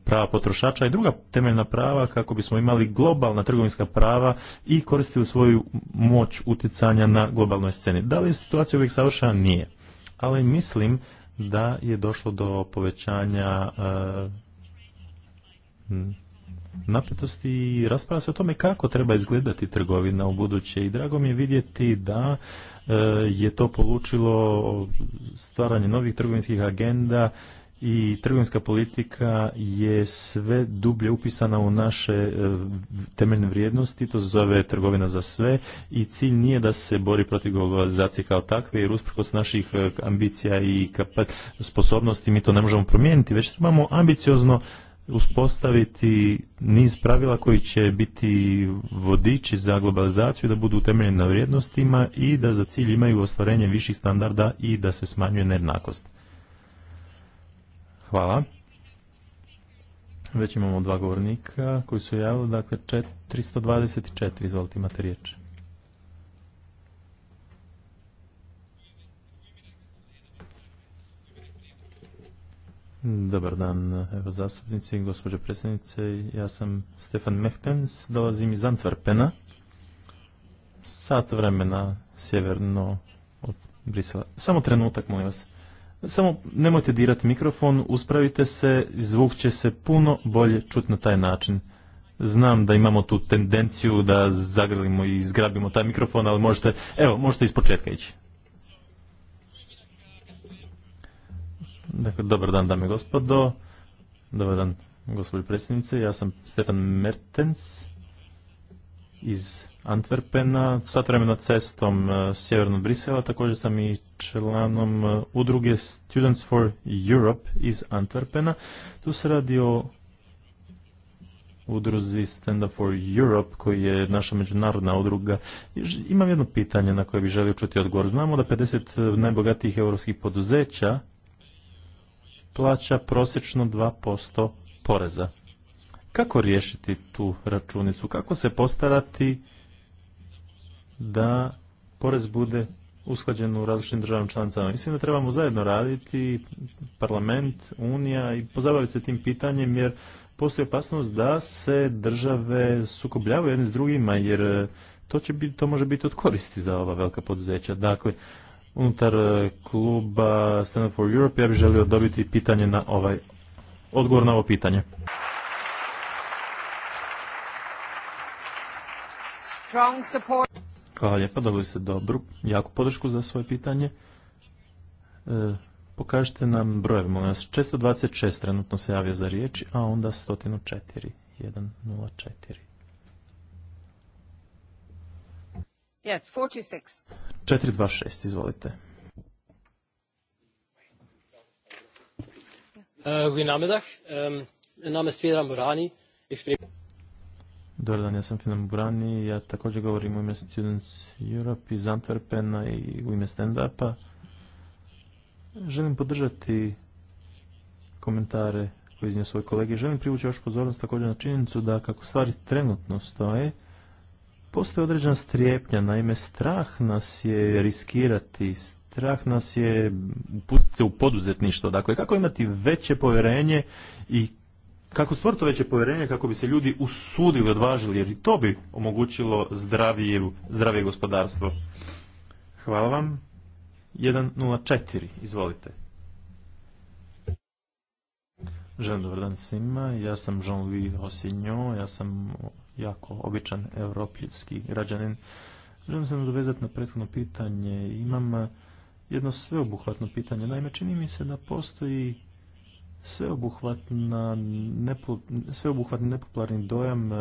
prava potrošača i druga temeljna prava kako bismo imali globalna trgovinska prava i koristili svoju moć utjecanja na globalnoj sceni. Da li je situacija uvijek savršena? Nije. Ali mislim da je došlo do povećanja e, napetosti i rasprava se o tome kako treba izgledati trgovina u buduće i drago mi je vidjeti da e, je to polučilo stvaranje novih trgovinskih agenda i trgovinska politika je sve dublje upisana u naše e, temeljne vrijednosti, to se zove trgovina za sve i cilj nije da se bori protiv globalizacije kao takve jer usprkos naših e, ambicija i sposobnosti mi to ne možemo promijeniti, već imamo ambiciozno uspostaviti niz pravila koji će biti vodiči za globalizaciju, da budu utemeljeni na vrijednostima i da za cilj imaju ostvarenje viših standarda i da se smanjuje nejednakost. Hvala. Već imamo dva govornika koji su javili, dakle 424, izvolite imate riječ. Dobar dan, evo zastupnici, gospođo predsjednice. Ja sam Stefan Mehtens, dolazim iz Antwerpena, sat vremena sjeverno od Brisela. Samo trenutak, molim vas. Samo nemojte dirati mikrofon, uspravite se, zvuk će se puno bolje čuti na taj način. Znam da imamo tu tendenciju da zagrlimo i zgrabimo taj mikrofon, ali možete, evo, možete iz početka ići. Dakle, dobar dan, dame i gospodo. Dobar dan, gospođo predsjednice. Ja sam Stefan Mertens iz Antwerpena, Sad vremena cestom e, sjevernom Brisela. Također sam i članom e, udruge Students for Europe iz Antwerpena. Tu se radi o udruzi Stand Up for Europe, koji je naša međunarodna udruga. Imam jedno pitanje na koje bi želio čuti odgovor. Znamo da 50 najbogatijih europskih poduzeća plaća prosječno 2% poreza. Kako riješiti tu računicu? Kako se postarati da porez bude usklađen u različitim državnim članicama. Mislim da trebamo zajedno raditi, parlament, unija i pozabaviti se tim pitanjem jer postoji opasnost da se države sukobljavaju jedni s drugima jer to, će biti, to može biti od koristi za ova velika poduzeća. Dakle, unutar e, kluba Stand Up for Europe. Ja bih želio dobiti pitanje na ovaj, odgovor na ovo pitanje. Hvala lijepa, dobili ste dobru, jaku podršku za svoje pitanje. E, pokažite nam brojeve, molim vas. 426 trenutno se javio za riječ, a onda 104, 104. Yes, 426. 426, izvolite. Uh, eh, namedah, ehm, Dobar dan, ja sam Finan Burani, ja također govorim u ime Students Europe iz Antwerpena i u ime stand-upa. Želim podržati komentare koje iznio svoj kolege. Želim privući vašu pozornost također na činjenicu da kako stvari trenutno stoje, postoji određena strijepnja, naime strah nas je riskirati, strah nas je upustiti se u poduzetništvo. Dakle, kako imati veće povjerenje i kako stvoriti veće povjerenje kako bi se ljudi usudili, odvažili, jer i to bi omogućilo zdravije, zdravije gospodarstvo. Hvala vam. 1.04. Izvolite. Želim dobar dan svima. Ja sam Jean-Louis Rossignon, Ja sam jako običan evropijski građanin. Želim se nadovezati na prethodno pitanje. Imam jedno sveobuhvatno pitanje. Naime, čini mi se da postoji sveobuhvatna, sveobuhvatni nepopularni dojam e,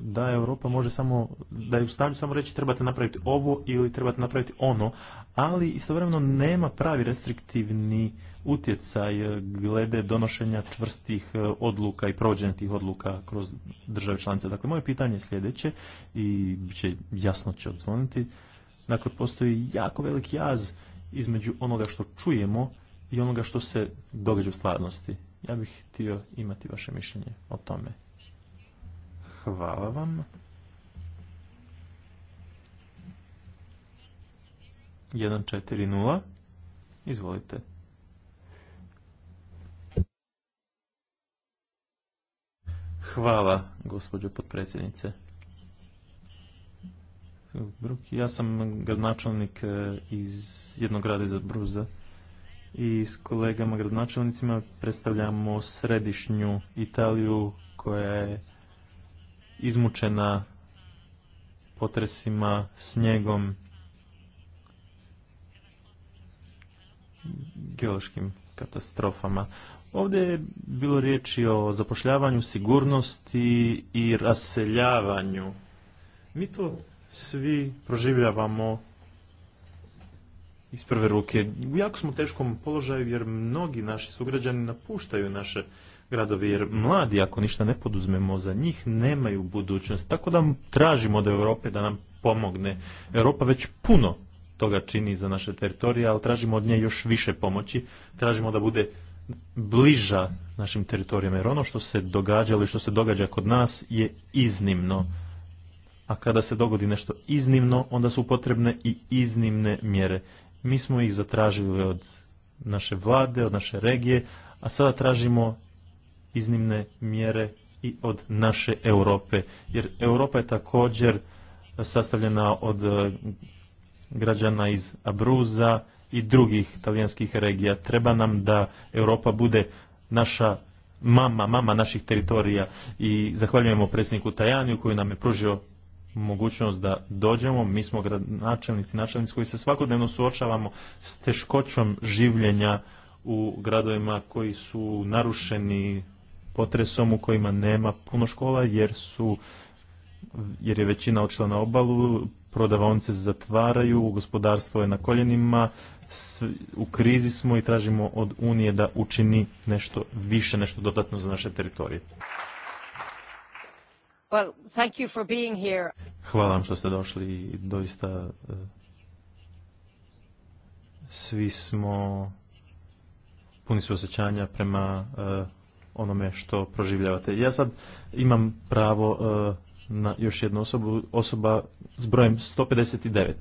da Europa može samo, da je u stanju samo reći trebate napraviti ovo ili trebate napraviti ono, ali istovremeno nema pravi restriktivni utjecaj e, glede donošenja čvrstih e, odluka i provođenja tih odluka kroz države članice. Dakle, moje pitanje je sljedeće i će, jasno će odzvoniti. Dakle, postoji jako velik jaz između onoga što čujemo i onoga što se događa u stvarnosti. Ja bih htio imati vaše mišljenje o tome. Hvala vam. Jedan četiri nula. Izvolite. Hvala, gospođo potpredsjednice. Ja sam gradonačelnik e, iz jednog grada iz Bruza, i s kolegama gradonačelnicima predstavljamo središnju Italiju koja je izmučena potresima, snijegom, geološkim katastrofama. Ovdje je bilo riječi o zapošljavanju, sigurnosti i raseljavanju. Mi to svi proživljavamo iz prve ruke. U jako smo teškom položaju jer mnogi naši sugrađani napuštaju naše gradove jer mladi ako ništa ne poduzmemo za njih nemaju budućnost. Tako da tražimo od Europe da nam pomogne. Europa već puno toga čini za naše teritorije, ali tražimo od nje još više pomoći. Tražimo da bude bliža našim teritorijama jer ono što se događalo i što se događa kod nas je iznimno a kada se dogodi nešto iznimno, onda su potrebne i iznimne mjere. Mi smo ih zatražili od naše vlade, od naše regije, a sada tražimo iznimne mjere i od naše Europe. Jer Europa je također sastavljena od e, građana iz Abruza i drugih talijanskih regija. Treba nam da Europa bude naša mama, mama naših teritorija i zahvaljujemo predsjedniku Tajaniju koji nam je pružio mogućnost da dođemo. Mi smo gradonačelnici, načelnici koji se svakodnevno suočavamo s teškoćom življenja u gradovima koji su narušeni potresom u kojima nema puno škola jer su jer je većina očela na obalu, prodavaonice zatvaraju, gospodarstvo je na koljenima, u krizi smo i tražimo od Unije da učini nešto više, nešto dodatno za naše teritorije. Hvala vam što ste došli i doista e, svi smo puni su osjećanja prema e, onome što proživljavate. Ja sad imam pravo e, na još jednu osobu, osoba s brojem 159.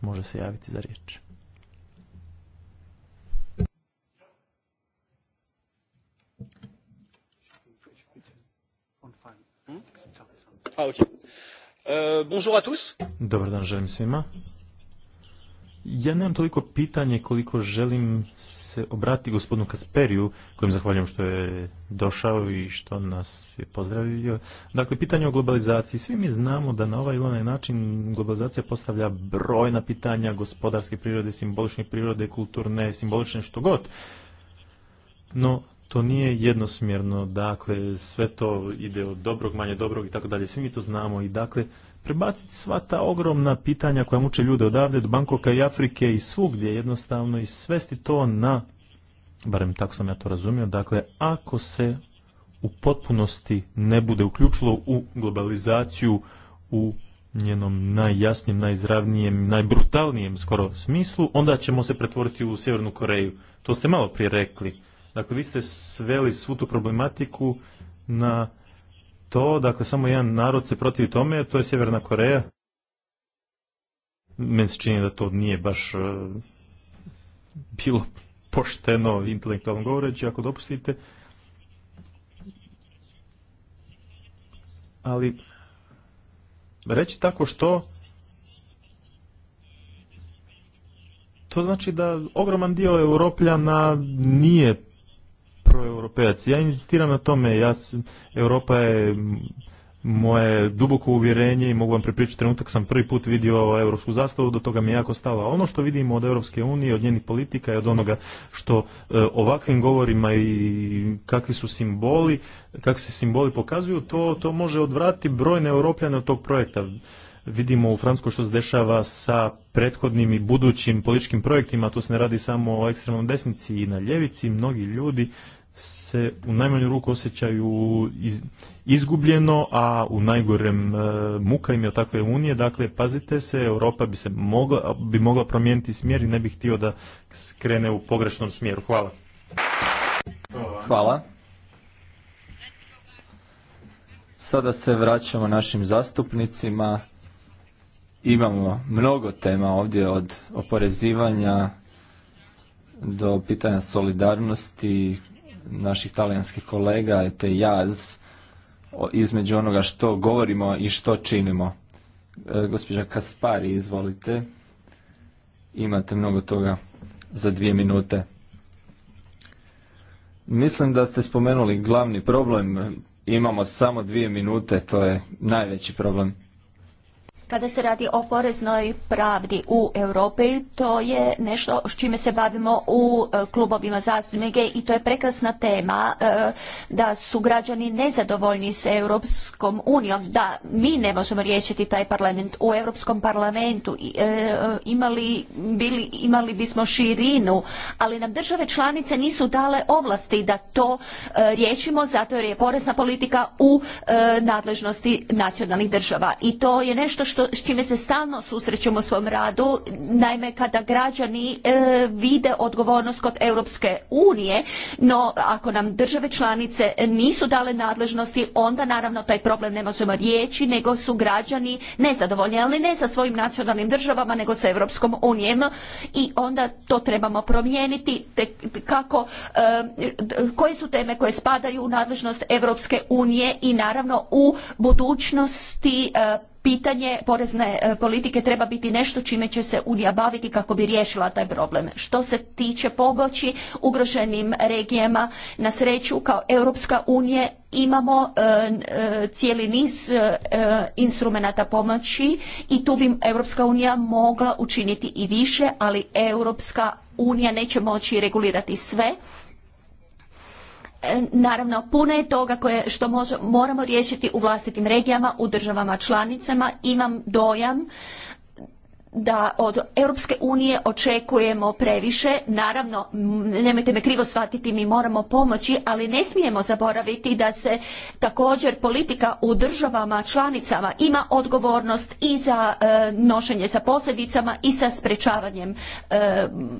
Može se javiti za riječ. Ah, euh, Dobar dan želim svima. Ja nemam toliko pitanje koliko želim se obratiti gospodinu Kasperiju, kojim zahvaljujem što je došao i što nas je pozdravio. Dakle, pitanje o globalizaciji. Svi mi znamo da na ovaj ili onaj način globalizacija postavlja brojna pitanja gospodarske prirode, simbolične prirode, kulturne, simbolične, što god. No, to nije jednosmjerno, dakle, sve to ide od dobrog, manje dobrog i tako dalje, svi mi to znamo i dakle, prebaciti sva ta ogromna pitanja koja muče ljude odavde do Bankoka i Afrike i svugdje jednostavno i svesti to na, barem tako sam ja to razumio, dakle, ako se u potpunosti ne bude uključilo u globalizaciju u njenom najjasnijem, najzravnijem, najbrutalnijem skoro smislu, onda ćemo se pretvoriti u Sjevernu Koreju. To ste malo prije rekli. Dakle, vi ste sveli svu tu problematiku na to, dakle, samo jedan narod se protivi tome, to je Sjeverna Koreja. Meni se čini da to nije baš e, bilo pošteno intelektualno govoreći, ako dopustite. Ali, reći tako što to znači da ogroman dio europljana nije proeuropejac. Ja insistiram na tome, ja, Europa je moje duboko uvjerenje i mogu vam prepričati trenutak sam prvi put vidio europsku zastavu, do toga mi je jako stalo. Ono što vidimo od Europske unije, od njenih politika i od onoga što e, ovakvim govorima i kakvi su simboli, kakvi se simboli pokazuju, to, to može odvratiti brojne europljane od tog projekta. Vidimo u Francuskoj što se dešava sa prethodnim i budućim političkim projektima, tu se ne radi samo o ekstremnom desnici i na ljevici, mnogi ljudi se u najmanju ruku osjećaju izgubljeno, a u najgorem e, muka im je takve unije. Dakle, pazite se, Europa bi, se mogla, bi mogla promijeniti smjer i ne bih htio da krene u pogrešnom smjeru. Hvala. Hvala. Sada se vraćamo našim zastupnicima. Imamo mnogo tema ovdje od oporezivanja do pitanja solidarnosti, naših talijanskih kolega, te jaz između onoga što govorimo i što činimo. E, gospođa Kaspari, izvolite. Imate mnogo toga za dvije minute. Mislim da ste spomenuli glavni problem. Imamo samo dvije minute, to je najveći problem. Kada se radi o poreznoj pravdi u Europi, to je nešto s čime se bavimo u e, klubovima zastupnike i to je prekrasna tema e, da su građani nezadovoljni s Europskom unijom, da mi ne možemo riješiti taj parlament u Europskom parlamentu. E, imali, bili, imali bismo širinu, ali nam države članice nisu dale ovlasti da to riješimo zato jer je porezna politika u nadležnosti nacionalnih država i to je nešto što s čime se stalno susrećemo u svom radu, naime kada građani e, vide odgovornost kod Europske unije, no ako nam države članice nisu dale nadležnosti, onda naravno taj problem ne možemo riječi, nego su građani nezadovoljni, ali ne sa svojim nacionalnim državama, nego sa Europskom unijem i onda to trebamo promijeniti, te kako, e, koje su teme koje spadaju u nadležnost Europske unije i naravno u budućnosti e, pitanje porezne e, politike treba biti nešto čime će se Unija baviti kako bi riješila taj problem. Što se tiče pomoći ugroženim regijama, na sreću kao Europska unija imamo e, e, cijeli niz instrumenata pomoći i tu bi Europska unija mogla učiniti i više, ali Europska unija neće moći regulirati sve E, naravno, puno je toga koje što moramo riješiti u vlastitim regijama, u državama članicama. Imam dojam da od Europske unije očekujemo previše. Naravno, nemojte me krivo shvatiti, mi moramo pomoći, ali ne smijemo zaboraviti da se također politika u državama članicama ima odgovornost i za e, nošenje sa posljedicama i sa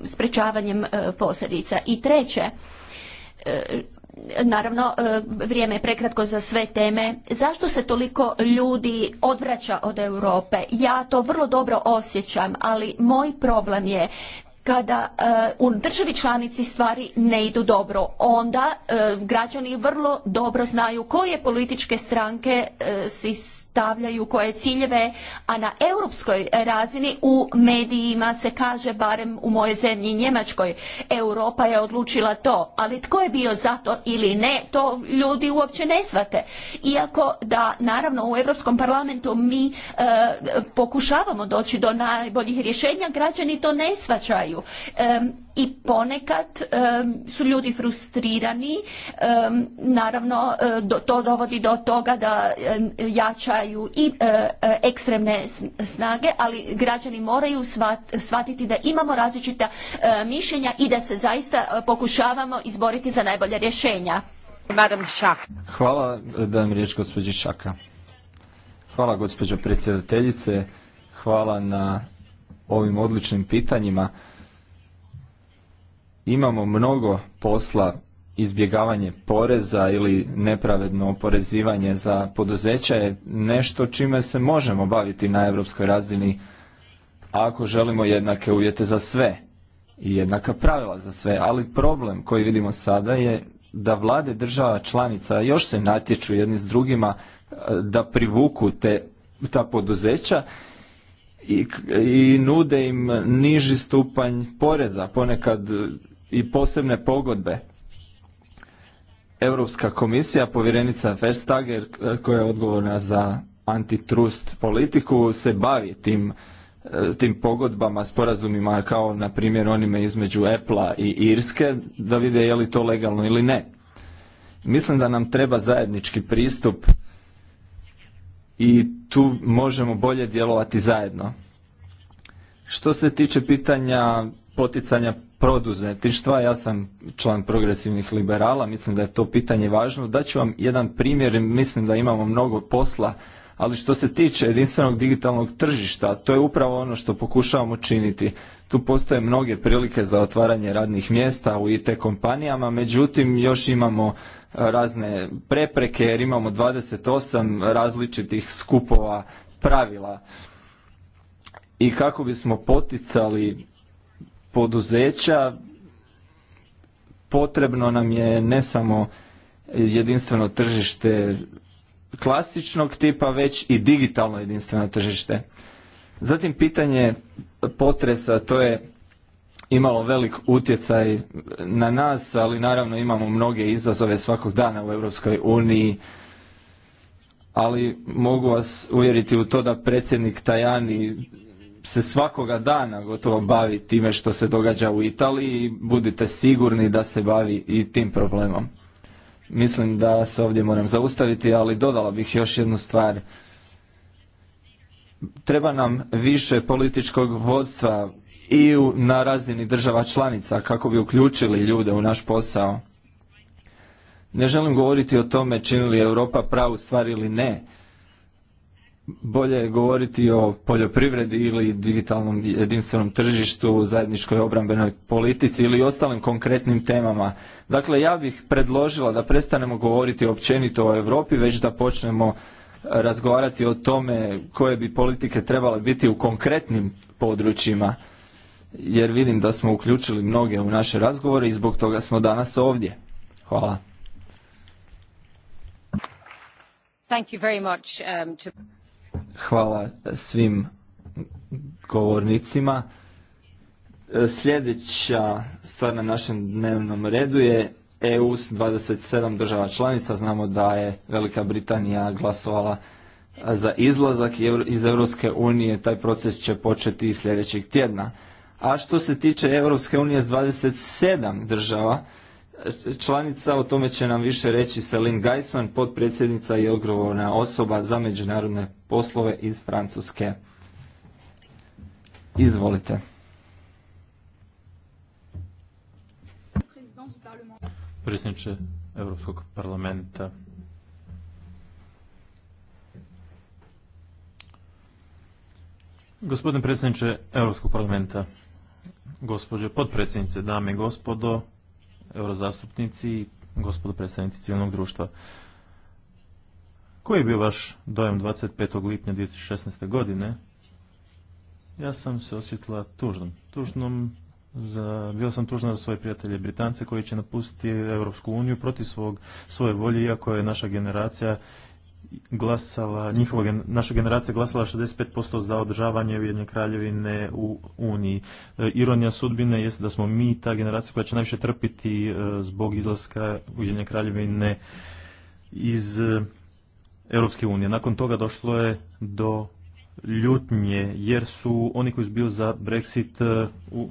sprečavanjem, e, posljedica. I treće, naravno e, vrijeme je prekratko za sve teme, zašto se toliko ljudi odvraća od Europe? Ja to vrlo dobro osjećam, ali moj problem je kada e, u državi članici stvari ne idu dobro, onda e, građani vrlo dobro znaju koje političke stranke e, si stavljaju koje ciljeve, a na europskoj razini u medijima se kaže, barem u mojoj zemlji Njemačkoj, Europa je odlučila to, ali tko je bio za to ili ne, to ljudi uopće ne shvate. Iako da naravno u Europskom parlamentu mi pokušavamo doći do najboljih rješenja, građani to ne shvaćaju i ponekad su ljudi frustrirani, naravno e, to dovodi do toga da jačaju i e, e, ekstremne snage, ali građani moraju shvatiti da imamo različita mišljenja i da se zaista pokušavamo izboriti za najbolja rješenja. Hvala da riječ gospođi Šaka. Hvala gospođo predsjedateljice, hvala na ovim odličnim pitanjima imamo mnogo posla izbjegavanje poreza ili nepravedno oporezivanje za poduzeća je nešto čime se možemo baviti na europskoj razini ako želimo jednake uvjete za sve i jednaka pravila za sve. Ali problem koji vidimo sada je da vlade država članica još se natječu jedni s drugima e, da privuku te, ta poduzeća i, i nude im niži stupanj poreza, ponekad i posebne pogodbe. Europska komisija, povjerenica Vestager koja je odgovorna za antitrust politiku se bavi tim e, tim pogodbama, sporazumima kao na primjer onime između Apple-a i Irske da vide je li to legalno ili ne. Mislim da nam treba zajednički pristup i tu možemo bolje djelovati zajedno. Što se tiče pitanja poticanja produzetništva, ja sam član progresivnih liberala, mislim da je to pitanje važno. Daću vam jedan primjer, mislim da imamo mnogo posla, ali što se tiče jedinstvenog digitalnog tržišta, to je upravo ono što pokušavamo činiti. Tu postoje mnoge prilike za otvaranje radnih mjesta u IT kompanijama, međutim još imamo e, razne prepreke jer imamo 28 različitih skupova pravila. I kako bismo poticali poduzeća potrebno nam je ne samo jedinstveno tržište klasičnog tipa, već i digitalno jedinstveno tržište. Zatim pitanje potresa, to je imalo velik utjecaj na nas, ali naravno imamo mnoge izazove svakog dana u Europskoj uniji, ali mogu vas uvjeriti u to da predsjednik Tajani se svakoga dana gotovo bavi time što se događa u Italiji i budite sigurni da se bavi i tim problemom. Mislim da se ovdje moram zaustaviti, ali dodala bih još jednu stvar. Treba nam više političkog vodstva i na razini država članica kako bi uključili ljude u naš posao. Ne želim govoriti o tome čini li Europa pravu stvar ili ne, bolje govoriti o poljoprivredi ili digitalnom jedinstvenom tržištu, zajedničkoj obrambenoj politici ili ostalim konkretnim temama. Dakle, ja bih predložila da prestanemo govoriti općenito o Europi, već da počnemo e, razgovarati o tome koje bi politike trebale biti u konkretnim područjima, jer vidim da smo uključili mnoge u naše razgovore i zbog toga smo danas ovdje. Hvala. Um, Hvala svim govornicima. Sljedeća stvar na našem dnevnom redu je EU s 27 država članica. Znamo da je Velika Britanija glasovala za izlazak iz Europske unije. Taj proces će početi sljedećeg tjedna. A što se tiče Europske unije s 27 država, članica, o tome će nam više reći Selin Geisman, potpredsjednica i odgovorna osoba za međunarodne poslove iz Francuske. Izvolite. Predsjedniče Europskog parlamenta, Gospodine predsjedniče Europskog parlamenta, gospođe potpredsjednice, dame i gospodo, eurozastupnici i gospodo predstavnici civilnog društva. Koji je bio vaš dojam 25. lipnja 2016. godine? Ja sam se osjetila tužnom. Tužnom za, bio sam tužna za svoje prijatelje Britance koji će napustiti Europsku uniju protiv svog, svoje volje, iako je naša generacija glasala, njihova, naša generacija glasala 65% za održavanje Ujedinjene kraljevine u Uniji. E, ironija sudbine jest da smo mi ta generacija koja će najviše trpiti e, zbog izlaska Ujedinjene kraljevine iz e, Europske unije. Nakon toga došlo je do ljutnje jer su oni koji su bili za Brexit u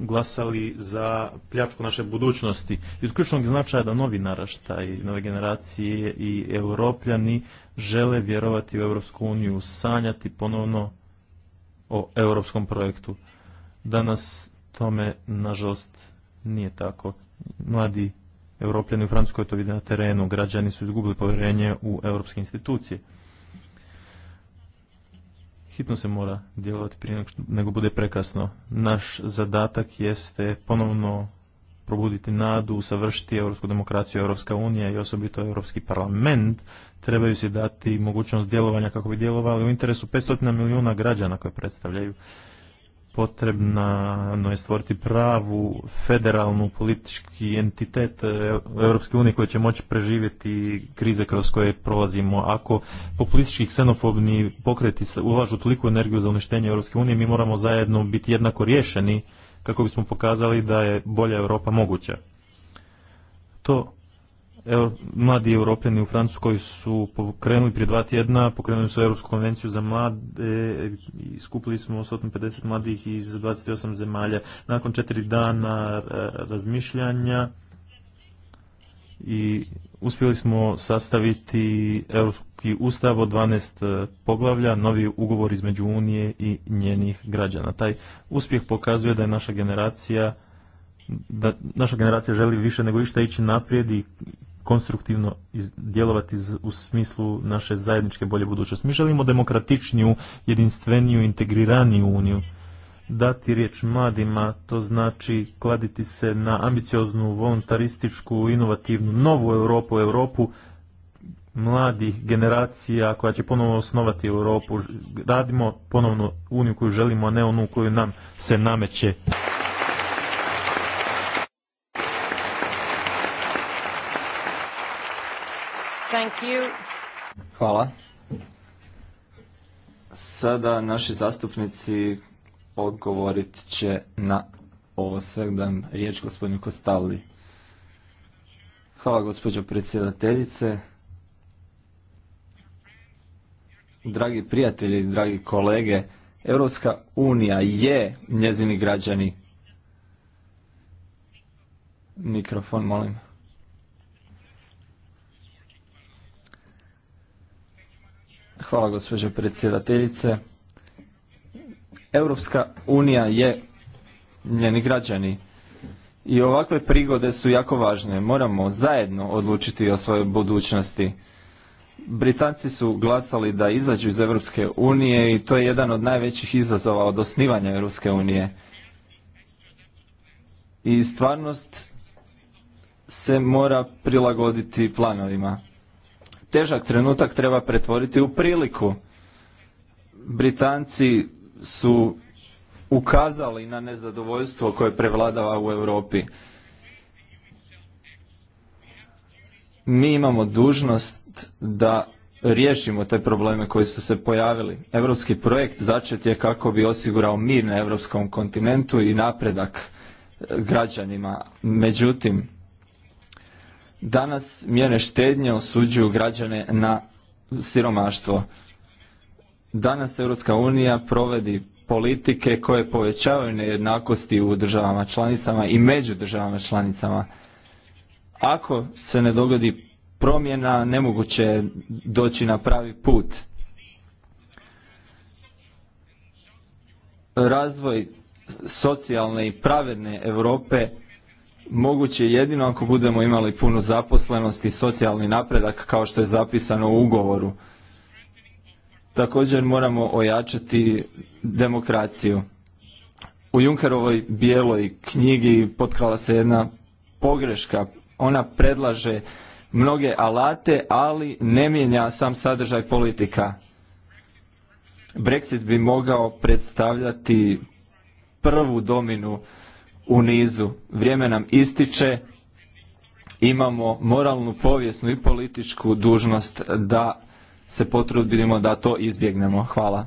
glasali za pljačku naše budućnosti. I od ključnog značaja da novi naraštaj, nove generacije i europljani žele vjerovati u Europsku uniju, sanjati ponovno o europskom projektu. Danas tome, nažalost, nije tako. Mladi europljani u Francuskoj to vide na terenu. Građani su izgubili povjerenje u europske institucije hitno se mora djelovati prije nego bude prekasno. Naš zadatak jeste ponovno probuditi nadu, savršiti europsku demokraciju, Europska unija i osobito Europski parlament trebaju se dati mogućnost djelovanja kako bi djelovali u interesu 500 milijuna građana koje predstavljaju potrebno je stvoriti pravu federalnu politički entitet e, Europske unije koji će moći preživjeti krize kroz koje prolazimo. Ako populistički ksenofobni pokreti ulažu toliku energiju za uništenje Europske unije, mi moramo zajedno biti jednako riješeni kako bismo pokazali da je bolja Europa moguća. To Evo, mladi europljani u Francuskoj su pokrenuli prije dva tjedna, pokrenuli su Europsku konvenciju za mlade i skupili smo 150 mladih iz 28 zemalja. Nakon četiri dana e, razmišljanja i uspjeli smo sastaviti Europski ustav od 12 e, poglavlja, novi ugovor između Unije i njenih građana. Taj uspjeh pokazuje da je naša generacija da naša generacija želi više nego išta ići naprijed i konstruktivno djelovati u smislu naše zajedničke bolje budućnosti. Mi želimo demokratičniju, jedinstveniju, integriraniju uniju. Dati riječ mladima, to znači kladiti se na ambicioznu, voluntarističku, inovativnu, novu Europu, Europu mladih generacija koja će ponovno osnovati Europu. Radimo ponovno uniju koju želimo, a ne onu koju nam se nameće. Hvala. Sada naši zastupnici odgovorit će na ovo sve riječ gospodinu kostali Hvala gospođo predsjedateljice. Dragi prijatelji, dragi kolege, Europska unija je njezini građani. Mikrofon, molim. Hvala gospođo predsjedateljice. Europska unija je njeni građani. I ovakve prigode su jako važne. Moramo zajedno odlučiti o svojoj budućnosti. Britanci su glasali da izađu iz Europske unije i to je jedan od najvećih izazova od osnivanja Europske unije. I stvarnost se mora prilagoditi planovima težak trenutak treba pretvoriti u priliku. Britanci su ukazali na nezadovoljstvo koje prevladava u Europi. Mi imamo dužnost da riješimo te probleme koji su se pojavili. Europski projekt začet je kako bi osigurao mir na europskom kontinentu i napredak eh, građanima. Međutim, Danas mjere štednje osuđuju građane na siromaštvo. Danas Europska unija provodi politike koje povećavaju nejednakosti u državama članicama i među državama članicama. Ako se ne dogodi promjena, nemoguće je doći na pravi put. Razvoj socijalne i pravedne Europe moguće jedino ako budemo imali punu zaposlenost i socijalni napredak kao što je zapisano u ugovoru. Također moramo ojačati demokraciju. U Junkerovoj bijeloj knjigi potkrala se jedna pogreška. Ona predlaže mnoge alate, ali ne mijenja sam sadržaj politika. Brexit bi mogao predstavljati prvu dominu u nizu. Vrijeme nam ističe, imamo moralnu, povijesnu i političku dužnost da se potrudimo da to izbjegnemo. Hvala.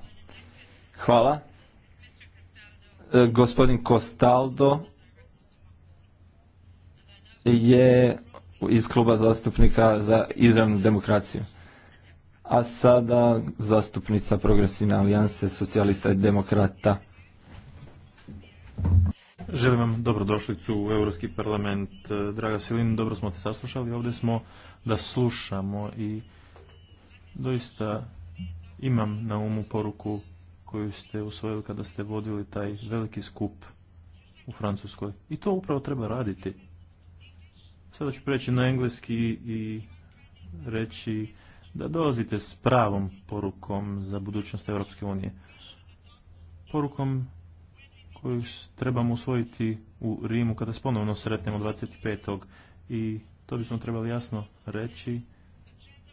Hvala. E, gospodin Kostaldo je iz kluba zastupnika za izravnu demokraciju. A sada zastupnica progresivne alijanse socijalista i demokrata. Želim vam dobrodošlicu u Europski parlament. E, draga Silin, dobro smo te saslušali. Ovdje smo da slušamo i doista imam na umu poruku koju ste usvojili kada ste vodili taj veliki skup u Francuskoj. I to upravo treba raditi. Sada ću preći na engleski i reći da dolazite s pravom porukom za budućnost Europske unije. Porukom koju trebamo usvojiti u Rimu kada se ponovno sretnemo 25. i to bismo trebali jasno reći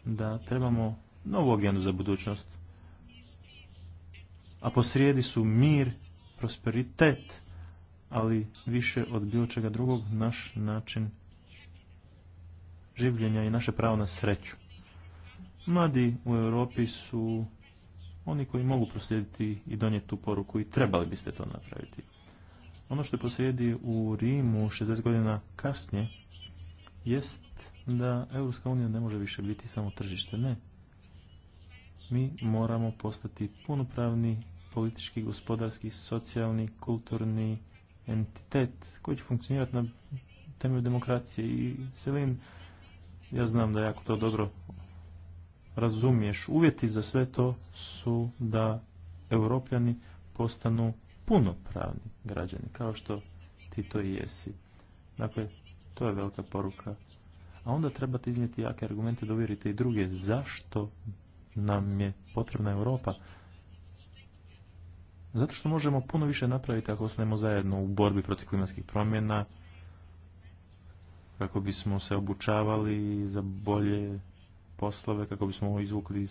da trebamo novu agendu za budućnost. A posrijedi su mir, prosperitet, ali više od bilo čega drugog naš način življenja i naše pravo na sreću. Mladi u Europi su oni koji mogu proslijediti i donijeti tu poruku i trebali biste to napraviti. Ono što je u Rimu 60 godina kasnije jest da Europska unija ne može više biti samo tržište. Ne. Mi moramo postati punopravni politički, gospodarski, socijalni, kulturni entitet koji će funkcionirati na temelju demokracije i Selin, ja znam da jako to dobro razumiješ. Uvjeti za sve to su da europljani postanu punopravni građani, kao što ti to i jesi. Dakle, to je velika poruka. A onda trebate iznijeti jake argumente da uvjerite i druge zašto nam je potrebna Europa. Zato što možemo puno više napraviti ako ostanemo zajedno u borbi protiv klimatskih promjena, kako bismo se obučavali za bolje poslove kako bismo izvukli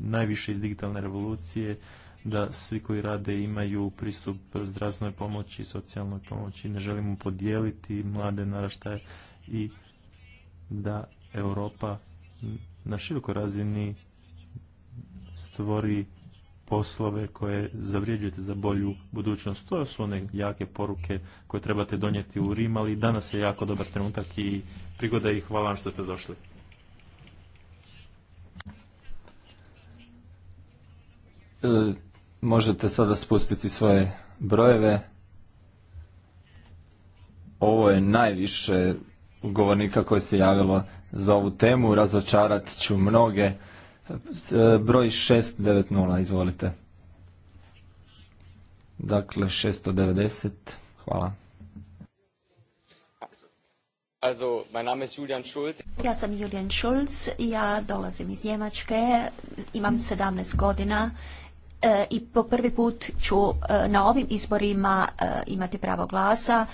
najviše iz digitalne revolucije, da svi koji rade imaju pristup zdravstvenoj pomoći, socijalnoj pomoći, ne želimo podijeliti mlade naraštaje i da Europa na širokoj razini stvori poslove koje zavrijeđujete za bolju budućnost. To su one jake poruke koje trebate donijeti u Rim, ali danas je jako dobar trenutak i prigoda i hvala vam što ste došli. E, možete sada spustiti svoje brojeve. Ovo je najviše govornika koje se javilo za ovu temu. Razočarat ću mnoge. E, broj 690, izvolite. Dakle, 690, hvala. Also, mein Name ist Julian Schulz. Ja sam Julian Schulz, ja dolazim iz Njemačke, imam 17 godina E, i po prvi put ću e, na ovim izborima e, imati pravo glasa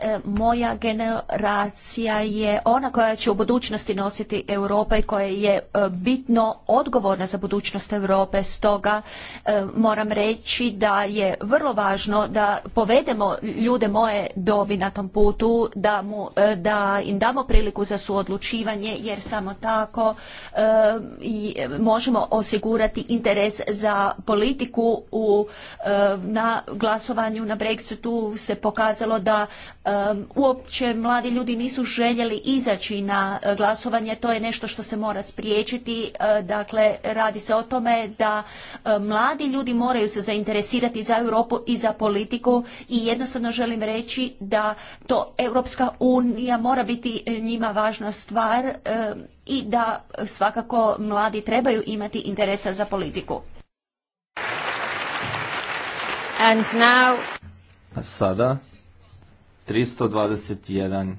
E, moja generacija je ona koja će u budućnosti nositi Europa i koja je e, bitno odgovorna za budućnost Europe. Stoga e, moram reći da je vrlo važno da povedemo ljude moje dobi na tom putu, da, da im damo priliku za suodlučivanje jer samo tako možemo osigurati interes za politiku u, na glasovanju na Brexitu se pokazalo da uopće mladi ljudi nisu željeli izaći na e, glasovanje, to je nešto što se mora spriječiti. E, dakle, radi se o tome da e, mladi ljudi moraju se zainteresirati za Europu i za politiku i jednostavno želim reći da to Europska unija mora biti njima važna stvar i da svakako mladi trebaju imati interesa za politiku. And now... A sada 321.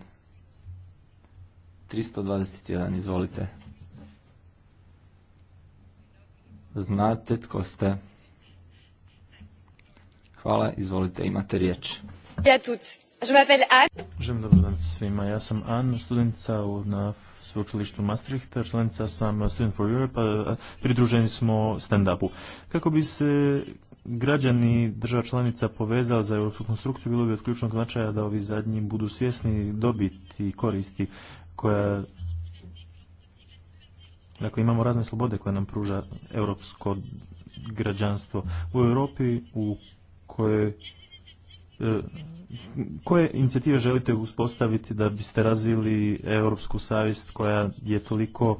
321, izvolite. Znate tko ste. Hvala, izvolite, imate riječ. Ja tut. Je m'appelle Anne. dobro dan svima. Ja sam Anne, studentica na sveučilištu Maastrichta, članica sam Student for Europe, pa, pridruženi smo stand-upu. Kako bi se građani država članica povezali za europsku konstrukciju, bilo bi od ključnog značaja da ovi zadnji budu svjesni dobiti i koristi koja Dakle, imamo razne slobode koje nam pruža europsko građanstvo u Europi u kojoj e, koje inicijative želite uspostaviti da biste razvili europsku savjest koja je toliko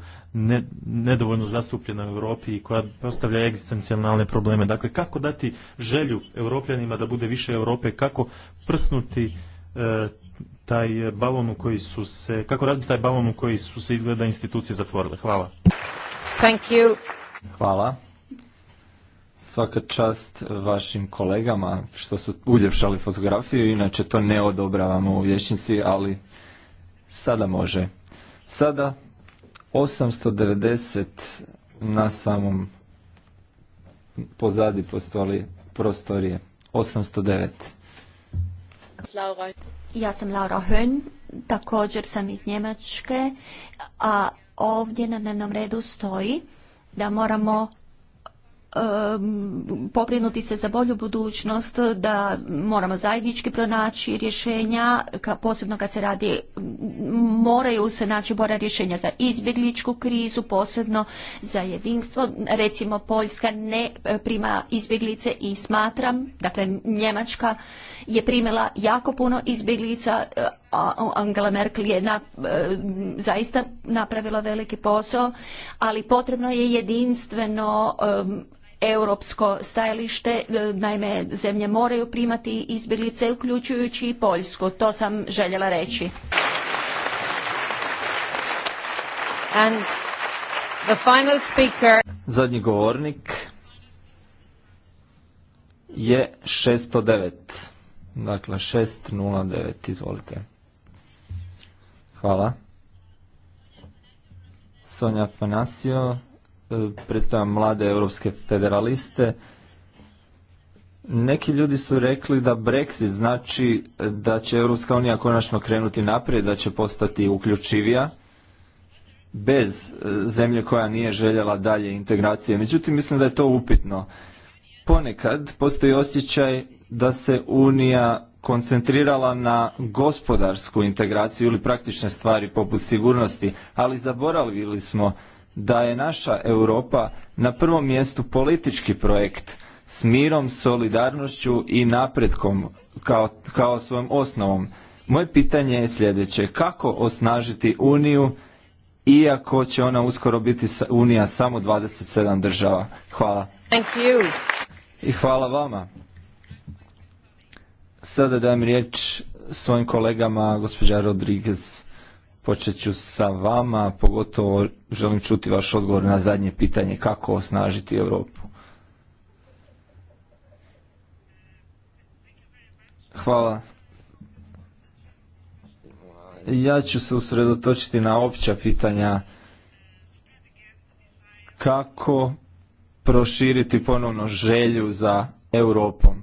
nedovoljno zastupljena u Europi i koja postavlja egzistencijalne probleme? Dakle, kako dati želju europljanima da bude više Europe, kako prsnuti e, taj balon u koji su se, kako raditi taj balon u koji su se izgleda institucije zatvorile? Hvala. Thank you. Hvala. Svaka čast vašim kolegama što su uljepšali fotografiju, inače to ne odobravamo u vječnici, ali sada može. Sada 890 na samom pozadi postoji prostorije. 809. Laura. Ja sam Laura Höhn. također sam iz Njemačke, a ovdje na dnevnom redu stoji da moramo pobrinuti se za bolju budućnost, da moramo zajednički pronaći rješenja, posebno kad se radi, moraju se naći bora rješenja za izbjegličku krizu, posebno za jedinstvo. Recimo, Poljska ne e, prima izbjeglice i smatram, dakle, Njemačka je primila jako puno izbjeglica, e, a Angela Merkel je e, zaista napravila veliki posao, ali potrebno je jedinstveno europsko stajalište, e, naime zemlje moraju primati izbjeglice uključujući i Poljsku. To sam željela reći. Zadnji govornik je 609. Dakle, 609, izvolite. Hvala. Sonja Fanasio, predstavljam mlade europske federaliste. Neki ljudi su rekli da Brexit znači eh, da će Europska unija konačno krenuti naprijed, da će postati uključivija bez eh, zemlje koja nije željela dalje integracije. Međutim, mislim da je to upitno. Ponekad postoji osjećaj da se Unija koncentrirala na gospodarsku integraciju ili praktične stvari poput sigurnosti, ali zaboravili smo da je naša Europa na prvom mjestu politički projekt s mirom, solidarnošću i napretkom kao, kao svojom osnovom. Moje pitanje je sljedeće. Kako osnažiti Uniju iako će ona uskoro biti Unija samo 27 država? Hvala. Thank you. I hvala vama. Sada dajem riječ svojim kolegama gospođa Rodriguez. Počet ću sa vama, pogotovo želim čuti vaš odgovor na zadnje pitanje kako osnažiti Europu. Hvala. Ja ću se usredotočiti na opća pitanja kako proširiti ponovno želju za Europom.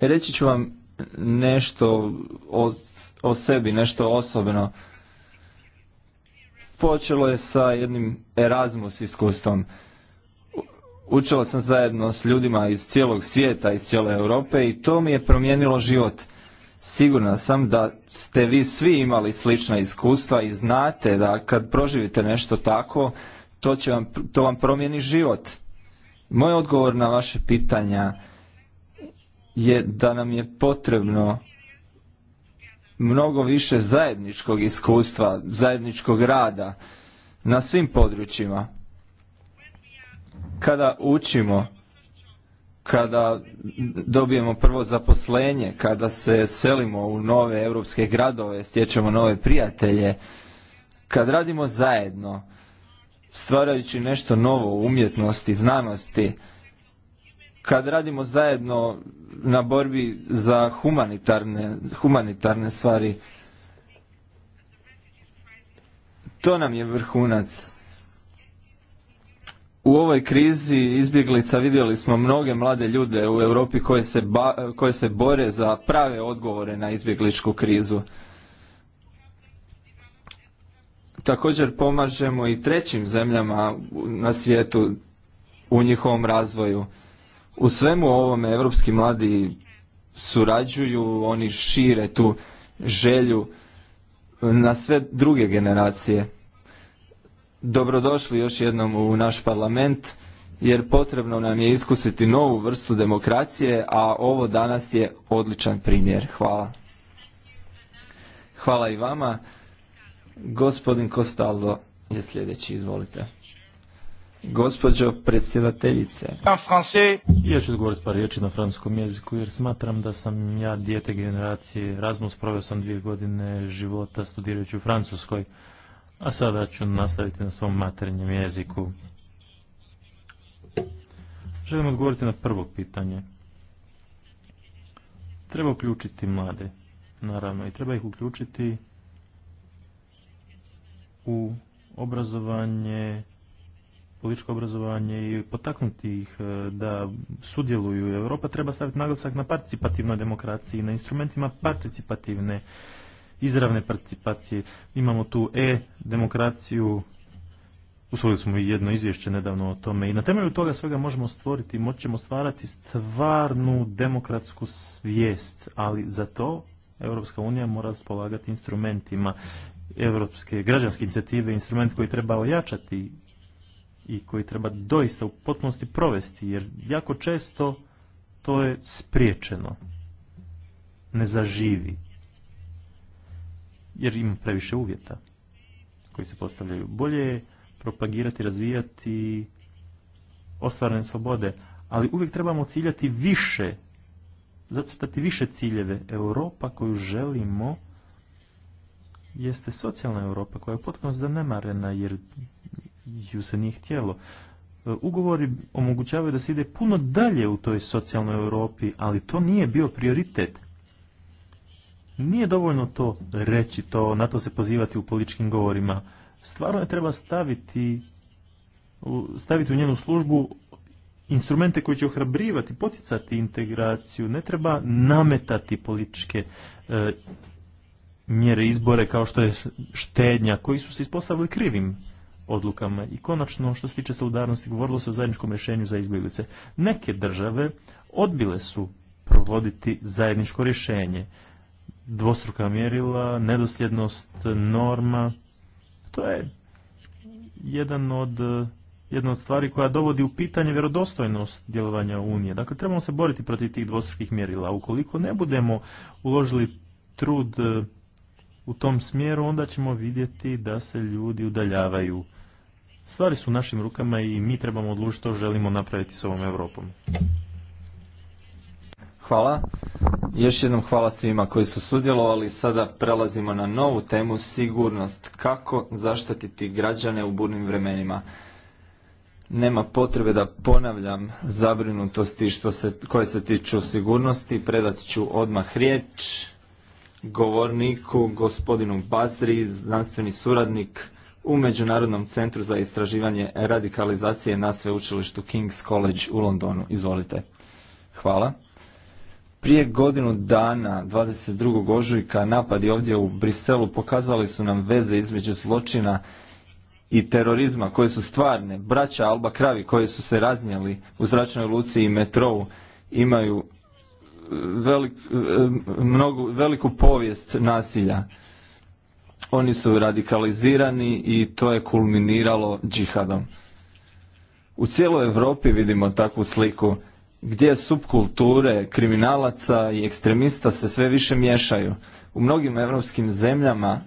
Reći ću vam nešto od o sebi, nešto osobno. Počelo je sa jednim Erasmus iskustvom. Učila sam zajedno s ljudima iz cijelog svijeta, iz cijele Europe i to mi je promijenilo život. Sigurna sam da ste vi svi imali slična iskustva i znate da kad proživite nešto tako, to, će vam, to vam promijeni život. Moj odgovor na vaše pitanja je da nam je potrebno mnogo više zajedničkog iskustva, zajedničkog rada na svim područjima. Kada učimo, kada dobijemo prvo zaposlenje, kada se selimo u nove europske gradove, stječemo nove prijatelje, kad radimo zajedno, stvarajući nešto novo u umjetnosti, znanosti, kad radimo zajedno na borbi za humanitarne, humanitarne stvari, to nam je vrhunac. U ovoj krizi izbjeglica vidjeli smo mnoge mlade ljude u Europi koje se, koje se bore za prave odgovore na izbjegličku krizu. Također pomažemo i trećim zemljama na svijetu u njihovom razvoju. U svemu ovome evropski mladi surađuju, oni šire tu želju na sve druge generacije. Dobrodošli još jednom u naš parlament jer potrebno nam je iskusiti novu vrstu demokracije, a ovo danas je odličan primjer. Hvala. Hvala i vama. Gospodin Kostaldo je sljedeći, izvolite. Gospođo predsjedateljice. Ja ću odgovoriti par riječi na francuskom jeziku jer smatram da sam ja dijete generacije Erasmus, proveo sam dvije godine života studirajući u Francuskoj, a sada ću nastaviti na svom maternjem jeziku. Želim odgovoriti na prvo pitanje. Treba uključiti mlade, naravno, i treba ih uključiti u obrazovanje, političko obrazovanje i potaknuti ih e, da sudjeluju. Europa treba staviti naglasak na participativnoj demokraciji, na instrumentima participativne, izravne participacije. Imamo tu e-demokraciju, usvojili smo i jedno izvješće nedavno o tome i na temelju toga svega možemo stvoriti, moćemo stvarati stvarnu demokratsku svijest, ali za to Europska unija mora raspolagati instrumentima europske građanske inicijative, instrument koji treba ojačati i koji treba doista u potpunosti provesti, jer jako često to je spriječeno, ne zaživi, jer ima previše uvjeta koji se postavljaju. Bolje propagirati, razvijati ostvarene slobode, ali uvijek trebamo ciljati više, zacrtati više ciljeve. Europa koju želimo jeste socijalna Europa koja je potpuno zanemarena jer ju se nije htjelo. E, ugovori omogućavaju da se ide puno dalje u toj socijalnoj Europi, ali to nije bio prioritet. Nije dovoljno to reći, to, na to se pozivati u političkim govorima. Stvarno je treba staviti, staviti u njenu službu instrumente koji će ohrabrivati, poticati integraciju, ne treba nametati političke e, mjere izbore kao što je štednja, koji su se ispostavili krivim odlukama. I konačno, što se tiče solidarnosti, govorilo se o zajedničkom rješenju za izbjeglice. Neke države odbile su provoditi zajedničko rješenje. Dvostruka mjerila, nedosljednost norma, to je jedan od, jedna od stvari koja dovodi u pitanje vjerodostojnost djelovanja Unije. Dakle, trebamo se boriti protiv tih dvostrukih mjerila. Ukoliko ne budemo uložili trud eh, u tom smjeru, onda ćemo vidjeti da se ljudi udaljavaju Stvari su u našim rukama i mi trebamo odlučiti što želimo napraviti s ovom Europom. Hvala. Još jednom hvala svima koji su sudjelovali. Sada prelazimo na novu temu sigurnost. Kako zaštititi građane u burnim vremenima? Nema potrebe da ponavljam zabrinutosti što se, koje se tiču sigurnosti. Predat ću odmah riječ govorniku, gospodinu Bacri, znanstveni suradnik u Međunarodnom centru za istraživanje radikalizacije na sveučilištu King's College u Londonu. Izvolite. Hvala. Prije godinu dana, 22. ožujka, napadi ovdje u Briselu pokazali su nam veze između zločina i terorizma koje su stvarne. Braća Alba Kravi koji su se raznijeli u zračnoj luci i metrou imaju e, e, veliku povijest nasilja oni su radikalizirani i to je kulminiralo džihadom. U cijeloj Europi vidimo takvu sliku gdje subkulture kriminalaca i ekstremista se sve više miješaju. U mnogim europskim zemljama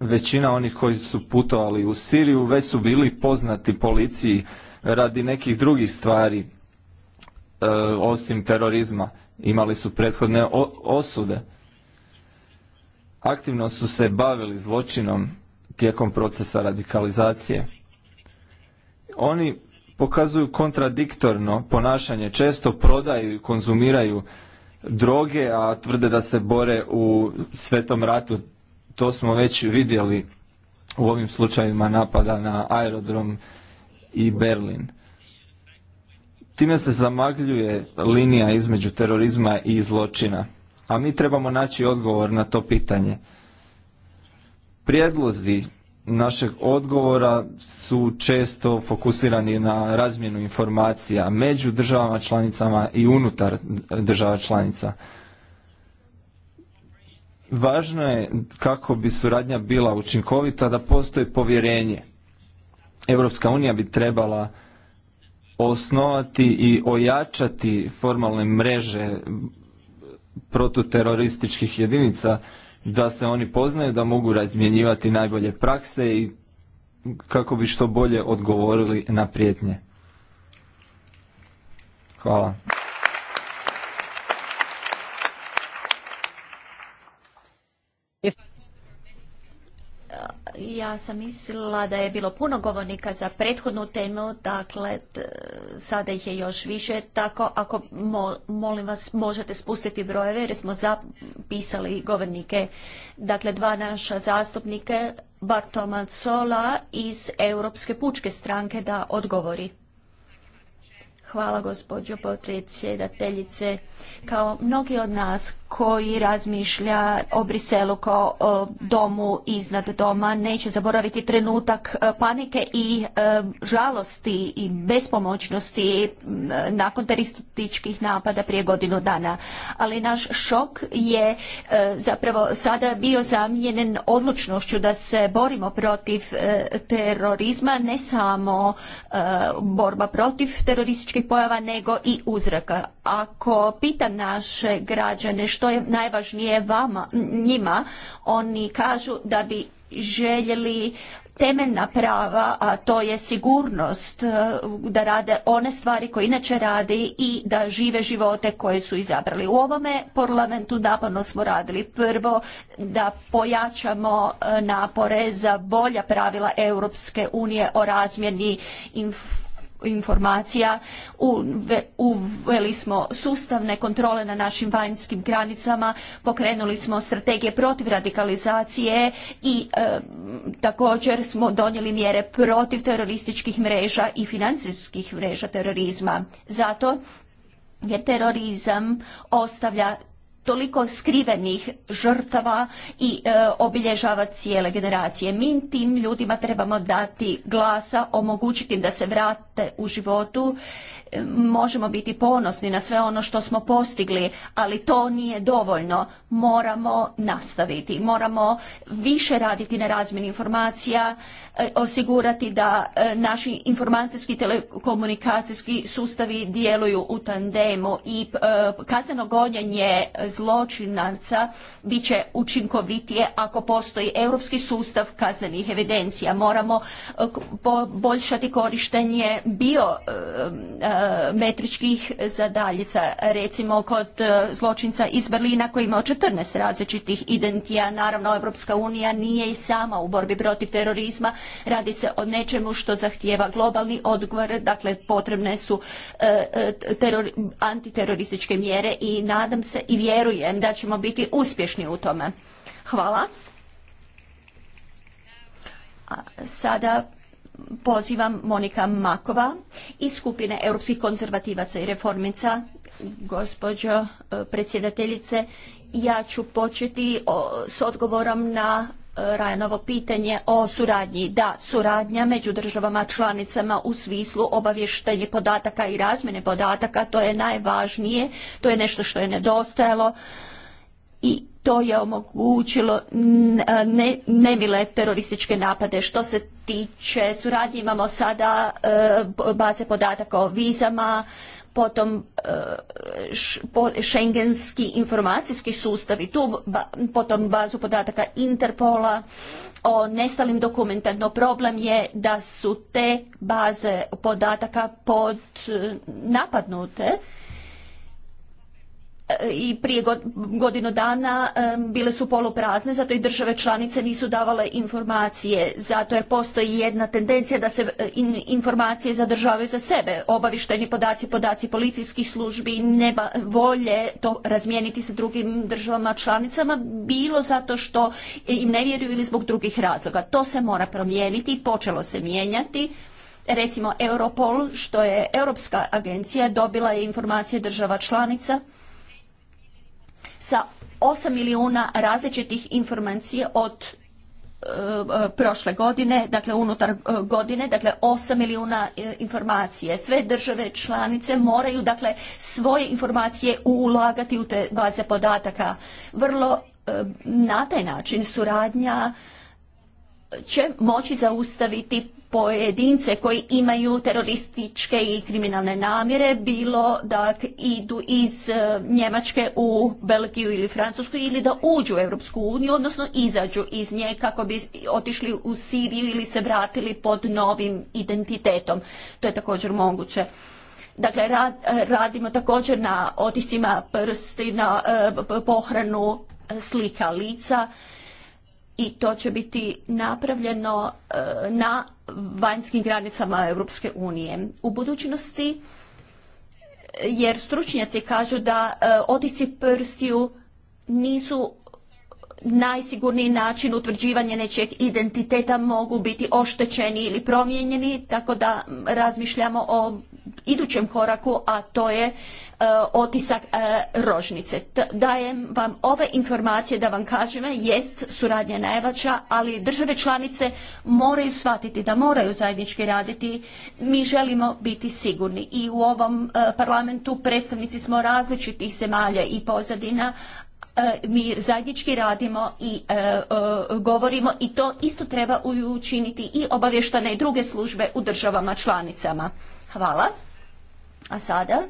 većina onih koji su putovali u Siriju već su bili poznati policiji radi nekih drugih stvari e, osim terorizma. Imali su prethodne osude aktivno su se bavili zločinom tijekom procesa radikalizacije. Oni pokazuju kontradiktorno ponašanje, često prodaju i konzumiraju droge, a tvrde da se bore u svetom ratu. To smo već vidjeli u ovim slučajevima napada na aerodrom i Berlin. Time se zamagljuje linija između terorizma i zločina a mi trebamo naći odgovor na to pitanje. Prijedlozi našeg odgovora su često fokusirani na razmjenu informacija među državama članicama i unutar država članica. Važno je kako bi suradnja bila učinkovita da postoji povjerenje. Europska unija bi trebala osnovati i ojačati formalne mreže protuterorističkih jedinica, da se oni poznaju, da mogu razmjenjivati najbolje prakse i kako bi što bolje odgovorili na prijetnje. Hvala. ja sam mislila da je bilo puno govornika za prethodnu temu, dakle sada ih je još više, tako ako molim vas možete spustiti brojeve jer smo zapisali govornike, dakle dva naša zastupnike, Bartoma Sola iz Europske pučke stranke da odgovori. Hvala gospođo potpredsjedateljice. Kao mnogi od nas koji razmišlja o Briselu kao e, domu iznad doma neće zaboraviti trenutak e, panike i e, žalosti i bespomoćnosti nakon terorističkih napada prije godinu dana. Ali naš šok je zapravo sada bio zamijenjen odlučnošću da se borimo protiv terorizma, ne samo borba protiv terorističke pojava nego i uzroka. Ako pitam naše građane što je najvažnije vama, njima, oni kažu da bi željeli temeljna prava, a to je sigurnost e, da rade one stvari koje inače radi i da žive živote koje su izabrali. U ovome parlamentu naporno smo radili prvo da pojačamo e, napore za bolja pravila Europske unije o razmjeni informacija informacija, uveli smo sustavne kontrole na našim vanjskim granicama, pokrenuli smo strategije protiv radikalizacije i e, također smo donijeli mjere protiv terorističkih mreža i financijskih mreža terorizma. Zato jer terorizam ostavlja toliko skrivenih žrtava i e, obilježava cijele generacije. Mi tim ljudima trebamo dati glasa, omogućiti im da se vrate u životu. E, možemo biti ponosni na sve ono što smo postigli, ali to nije dovoljno. Moramo nastaviti, moramo više raditi na razmjeni informacija, e, osigurati da e, naši informacijski telekomunikacijski sustavi djeluju u tandemu i kazneno gonjenje zločinaca bit će učinkovitije ako postoji europski sustav kaznenih evidencija. Moramo e, poboljšati korištenje biometričkih e, e, zadaljica, recimo kod zločinca iz Berlina koji imao 14 različitih identija. Naravno, Europska unija nije i sama u borbi protiv terorizma. Radi se o nečemu što zahtijeva globalni odgovor, dakle potrebne su antiterorističke mjere i nadam se i vjerujem vjerujem da ćemo biti uspješni u tome. Hvala. sada pozivam Monika Makova iz skupine europskih konzervativaca i reformica. Gospođo eh, predsjedateljice, ja ću početi s odgovorom na Rajanovo pitanje o suradnji. Da, suradnja među državama članicama u svislu obavještenje podataka i razmjene podataka, to je najvažnije, to je nešto što je nedostajalo i to je omogućilo e, ne, nemile terorističke napade. Što se tiče suradnje imamo sada e, baze podataka o vizama, potom e, šengenski informacijski sustav i tu potom bazu podataka Interpola o nestalim dokumenta, no problem je da su te baze podataka pod e, napadnute i prije godinu dana bile su poluprazne, zato i države članice nisu davale informacije, zato jer postoji jedna tendencija da se e, informacije zadržavaju za sebe, obavišteni podaci, podaci policijskih službi, nema volje to razmijeniti sa drugim državama članicama, bilo zato što im ne vjeruju ili zbog drugih razloga. To se mora promijeniti, počelo se mijenjati, recimo Europol, što je Europska agencija, dobila je informacije država članica, sa 8 milijuna različitih informacija od e, prošle godine, dakle unutar e, godine, dakle 8 milijuna e, informacije. Sve države članice moraju dakle svoje informacije ulagati u te baze podataka. Vrlo na taj način suradnja će moći zaustaviti pojedince koji imaju terorističke i kriminalne namjere, bilo da idu iz e, Njemačke u Belgiju ili Francusku ili da uđu u Europsku uniju, odnosno izađu iz nje kako bi otišli u Siriju ili se vratili pod novim identitetom. To je također moguće. Dakle, radimo također na otiscima prsti, na e, pohranu slika lica i to će biti napravljeno e, na vanjskim granicama Europske unije u budućnosti jer stručnjaci kažu da e, otici prstiju nisu najsigurniji način utvrđivanja nečijeg identiteta mogu biti oštećeni ili promijenjeni, tako da razmišljamo o idućem koraku, a to je e, otisak e, rožnice. dajem vam ove informacije da vam kažem, jest suradnja najvaća, ali države članice moraju shvatiti da moraju zajednički raditi. Mi želimo biti sigurni i u ovom e, parlamentu predstavnici smo različitih zemalja i pozadina, mi zajednički radimo i govorimo i to isto treba učiniti i obavještane i druge službe u državama članicama. Hvala. A sada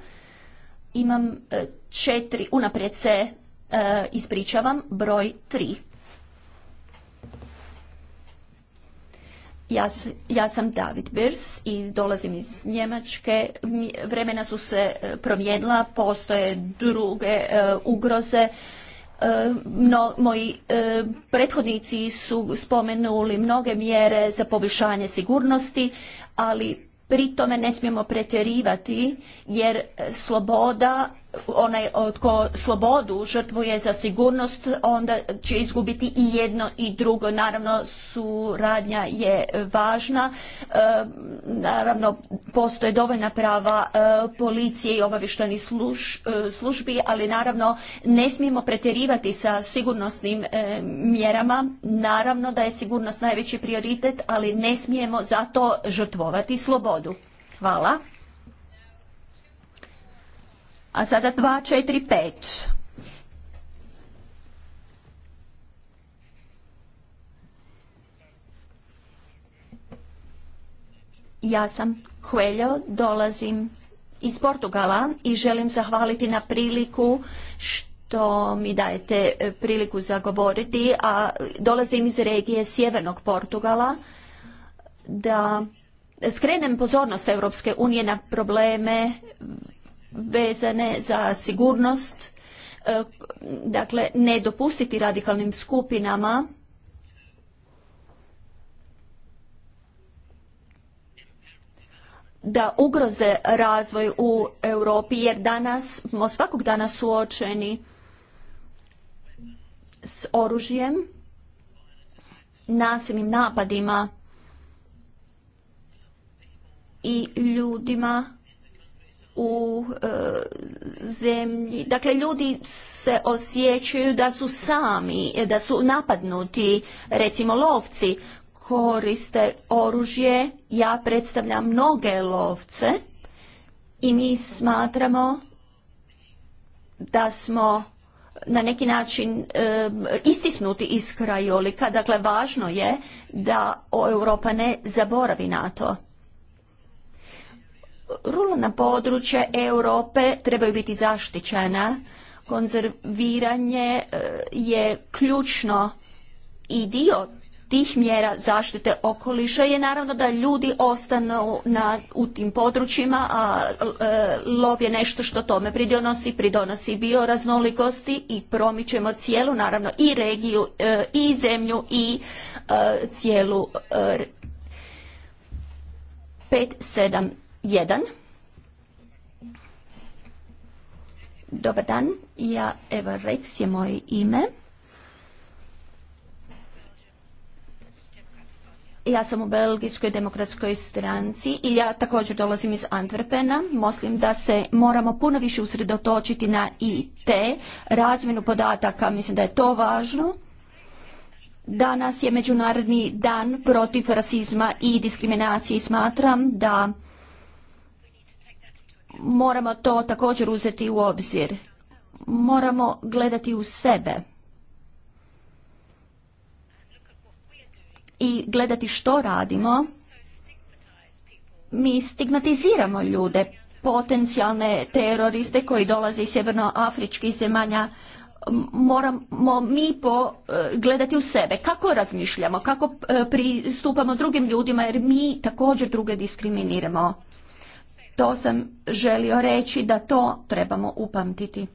imam e, četiri, unaprijed se e, ispričavam, broj tri. Ja, sam David Birs i dolazim iz Njemačke. Vremena su se e, promijenila, postoje druge ugroze. moji prethodnici su spomenuli mnoge mjere za poboljšanje sigurnosti, ali Pri tome ne smijemo pretjerivati jer sloboda onaj tko slobodu žrtvuje za sigurnost, onda će izgubiti i jedno i drugo. Naravno, suradnja je važna. E, naravno, postoje dovoljna prava e, policije i obavištenih e, službi, ali naravno ne smijemo pretjerivati sa sigurnosnim mjerama. Naravno da je sigurnost najveći prioritet, ali ne smijemo zato žrtvovati slobodu. Hvala. A sada 2, 4, 5. Ja sam Hueljo, dolazim iz Portugala i želim zahvaliti na priliku što mi dajete e, priliku zagovoriti, a dolazim iz regije sjevernog Portugala, da skrenem pozornost Europske unije na probleme vezane za sigurnost, e, dakle ne dopustiti radikalnim skupinama da ugroze razvoj u Europi jer danas smo svakog dana suočeni s oružjem, nasilnim napadima i ljudima u e, zemlji. Dakle, ljudi se osjećaju da su sami, da su napadnuti, recimo lovci koriste oružje. Ja predstavljam mnoge lovce i mi smatramo da smo na neki način e, istisnuti iz krajolika. Dakle, važno je da Europa ne zaboravi na to ruralna područja Europe trebaju biti zaštićena. Konzerviranje e, je ključno i dio tih mjera zaštite okoliša je naravno da ljudi ostanu u tim područjima, a e, lov je nešto što tome pridonosi, pridonosi bioraznolikosti i promičemo cijelu naravno i regiju e, i zemlju i cijelu 5, 7, jedan. Dobar dan, ja Eva Rex je moje ime. Ja sam u Belgijskoj demokratskoj stranci i ja također dolazim iz Antwerpena. Mislim da se moramo puno više usredotočiti na IT, razmjenu podataka, mislim da je to važno. Danas je Međunarodni dan protiv rasizma i diskriminacije i smatram da moramo to također uzeti u obzir. Moramo gledati u sebe i gledati što radimo. Mi stigmatiziramo ljude, potencijalne teroriste koji dolaze iz sjevernoafričkih zemalja, moramo mi e, gledati u sebe, kako razmišljamo, kako e, pristupamo drugim ljudima jer mi također druge diskriminiramo. To sam želio reći da to trebamo upamtiti.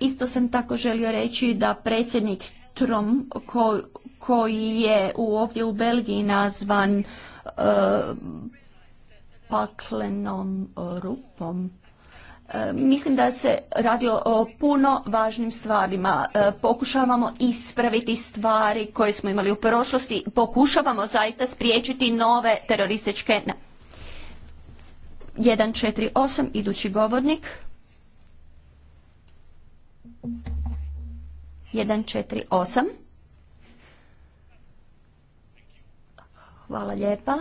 Isto sam tako želio reći da predsjednik Trom, koji je u, ovdje u Belgiji nazvan e, paklenom rupom E, mislim da se radi o puno važnim stvarima. E, pokušavamo ispraviti stvari koje smo imali u prošlosti. Pokušavamo zaista spriječiti nove terorističke... 148, idući govornik. 148. Hvala lijepa.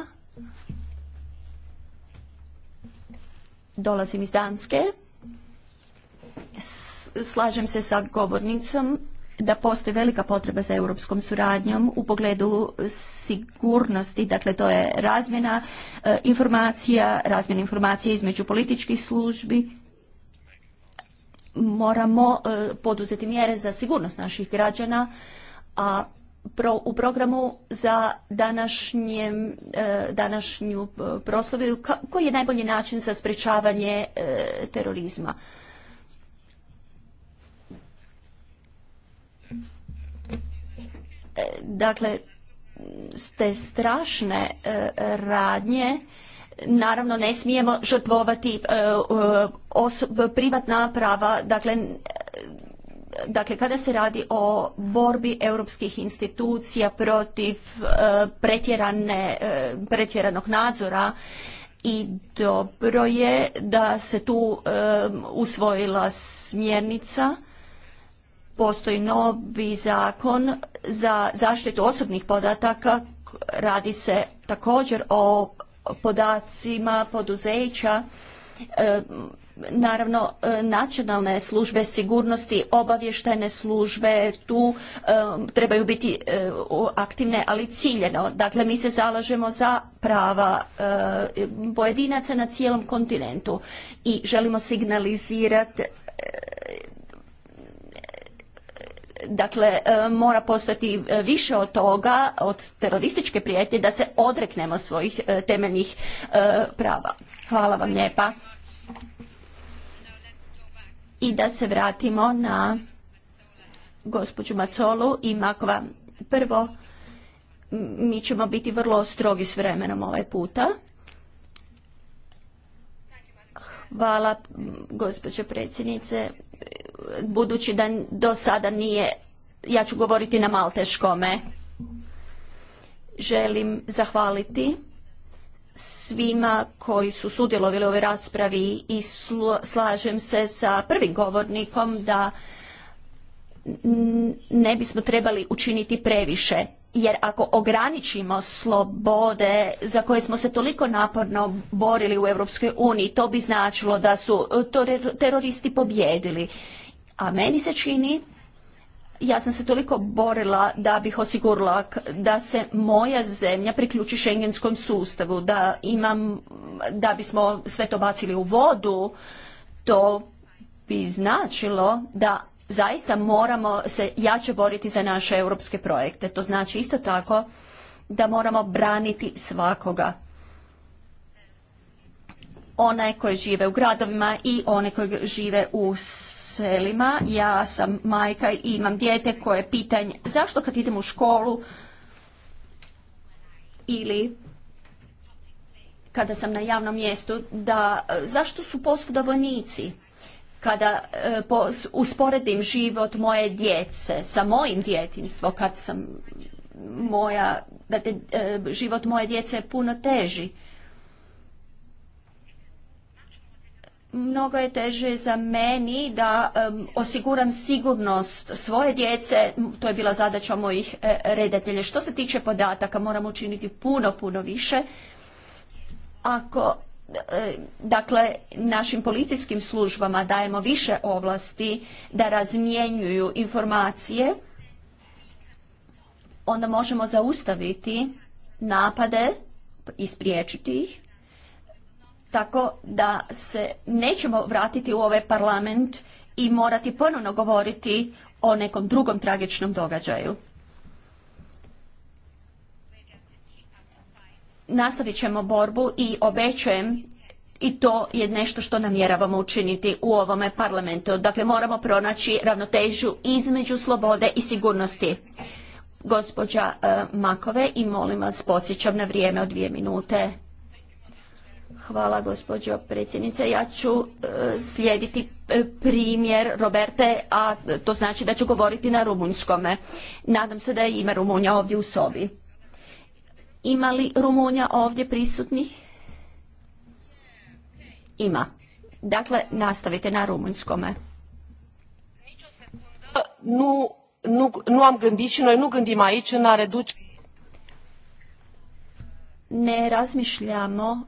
dolazim iz Danske. Slažem se sa govornicom da postoji velika potreba za europskom suradnjom u pogledu sigurnosti, dakle to je razmjena e, informacija, razmjena informacija između političkih službi. Moramo e, poduzeti mjere za sigurnost naših građana, a u programu za današnje, e, današnju e, proslaviju koji je najbolji način za sprečavanje e, terorizma. Dakle, ste strašne radnje naravno ne smijemo žrtvovati privatna prava dakle dakle kada se radi o borbi europskih institucija protiv e, e, pretjeranog nadzora i dobro je da se tu e, usvojila smjernica postoji novi zakon za zaštitu osobnih podataka radi se također o podacima poduzeća E, naravno, e, nacionalne službe sigurnosti, obavještajne službe tu e, trebaju biti aktivne, ali ciljeno. Dakle, mi se zalažemo za prava pojedinaca na cijelom kontinentu i želimo signalizirati Dakle, e, mora postati e, više od toga, od terorističke prijetnje, da se odreknemo svojih e, temeljnih prava. Hvala vam lijepa. I da se vratimo na gospođu Macolu i Makova. Prvo, mi ćemo biti vrlo strogi s vremenom ovaj puta. Hvala, gospođo predsjednice budući da do sada nije, ja ću govoriti na malteškome. Želim zahvaliti svima koji su sudjelovali u ovoj raspravi i slažem se sa prvim govornikom da ne bismo trebali učiniti previše jer ako ograničimo slobode za koje smo se toliko naporno borili u Europskoj uniji to bi značilo da su teroristi pobjedili a meni se čini ja sam se toliko borila da bih osigurala da se moja zemlja priključi šengenskom sustavu, da imam, da bismo sve to bacili u vodu, to bi značilo da zaista moramo se jače boriti za naše europske projekte. To znači isto tako da moramo braniti svakoga. One koje žive u gradovima i one koji žive u selima, ja sam majka i imam dijete koje je pitanje zašto kad idem u školu ili kada sam na javnom mjestu, da zašto su posvuda Kada e, usporedim život moje djece sa mojim djetinstvom, kad sam moja, da te, e, život moje djece je puno teži. mnogo je teže za meni da osiguram sigurnost svoje djece, to je bila zadaća mojih e, redatelja. Što se tiče podataka, moramo učiniti puno, puno više. Ako e, dakle našim policijskim službama dajemo više ovlasti da razmjenjuju informacije, onda možemo zaustaviti napade i spriječiti ih tako da se nećemo vratiti u ovaj parlament i morati ponovno govoriti o nekom drugom tragičnom događaju. Nastavit ćemo borbu i obećujem i to je nešto što namjeravamo učiniti u ovome parlamentu. Dakle, moramo pronaći ravnotežu između slobode i sigurnosti. Gospođa eh, Makove i molim vas podsjećam na vrijeme od dvije minute. Hvala gospođo predsjednice. Ja ću e, slijediti e, primjer Roberte, a to znači da ću govoriti na rumunjskome. Nadam se da je ima Rumunja ovdje u sobi. Ima li Rumunja ovdje prisutni? Ima. Dakle, nastavite na rumunjskome. Nu, nu, nu am gândit ne razmišljamo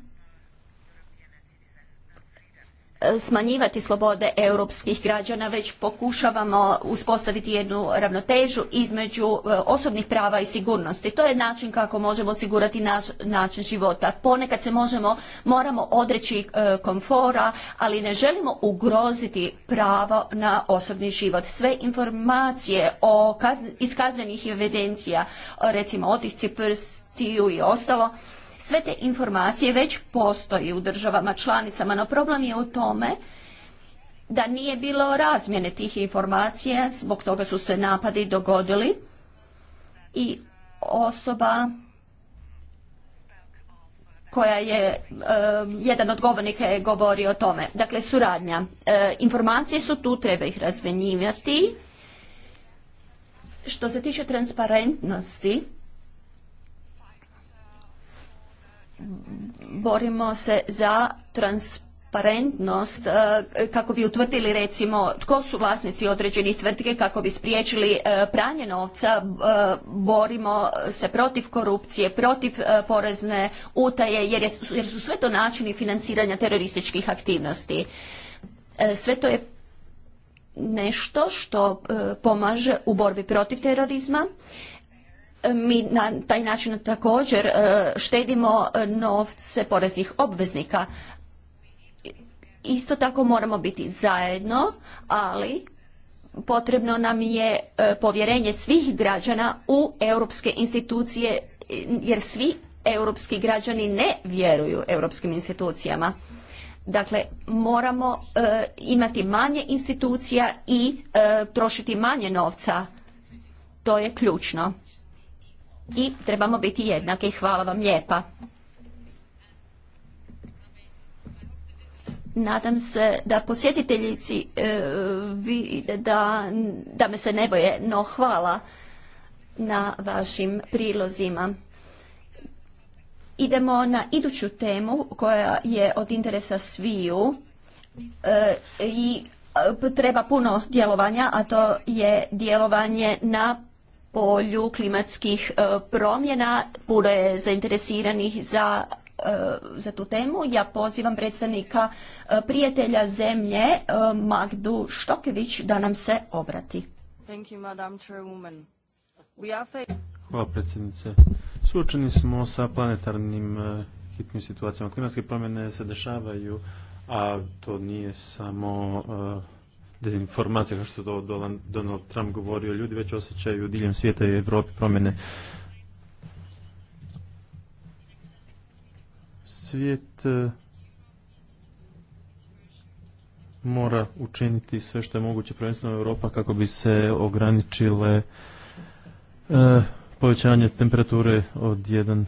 smanjivati slobode europskih građana, već pokušavamo uspostaviti jednu ravnotežu između e, osobnih prava i sigurnosti. To je način kako možemo osigurati naš način života. Ponekad se možemo, moramo odreći e, komfora, ali ne želimo ugroziti pravo na osobni život. Sve informacije o iskazanih iz kaznenih evidencija, recimo otisci prstiju i ostalo, sve te informacije već postoji u državama članicama, no problem je u tome da nije bilo razmjene tih informacija, zbog toga su se napadi dogodili i osoba koja je, jedan od govornika je govorio o tome. Dakle, suradnja. E, informacije su tu, treba ih razmenjivati. Što se tiče transparentnosti, borimo se za transparentnost e, kako bi utvrdili recimo tko su vlasnici određenih tvrtke kako bi spriječili e, pranje novca e, borimo se protiv korupcije protiv porezne utaje jer, jer su sve to načini financiranja terorističkih aktivnosti sve to je nešto što pomaže u borbi protiv terorizma mi na taj način također e, štedimo novce poreznih obveznika. Isto tako moramo biti zajedno, ali potrebno nam je e, povjerenje svih građana u europske institucije jer svi europski građani ne vjeruju europskim institucijama. Dakle, moramo e, imati manje institucija i trošiti manje novca. To je ključno i trebamo biti jednaki. Hvala vam lijepa. Nadam se da posjetiteljici e, vide da, me se ne boje, no hvala na vašim prilozima. Idemo na iduću temu koja je od interesa sviju e, i e, treba puno djelovanja, a to je djelovanje na polju klimatskih e, promjena. Puno je zainteresiranih e, za tu temu. Ja pozivam predstavnika e, prijatelja zemlje Magdu Štokević da nam se obrati. Thank Hvala predsjednice. Suočeni smo sa planetarnim hitnim situacijama. Klimatske promjene se dešavaju, a to nije samo dezinformacija, kao što je Donald Trump govorio, ljudi već osjećaju diljem svijeta i Europi promjene. Svijet e, mora učiniti sve što je moguće, prvenstveno Europa, kako bi se ograničile e, povećanje temperature od 1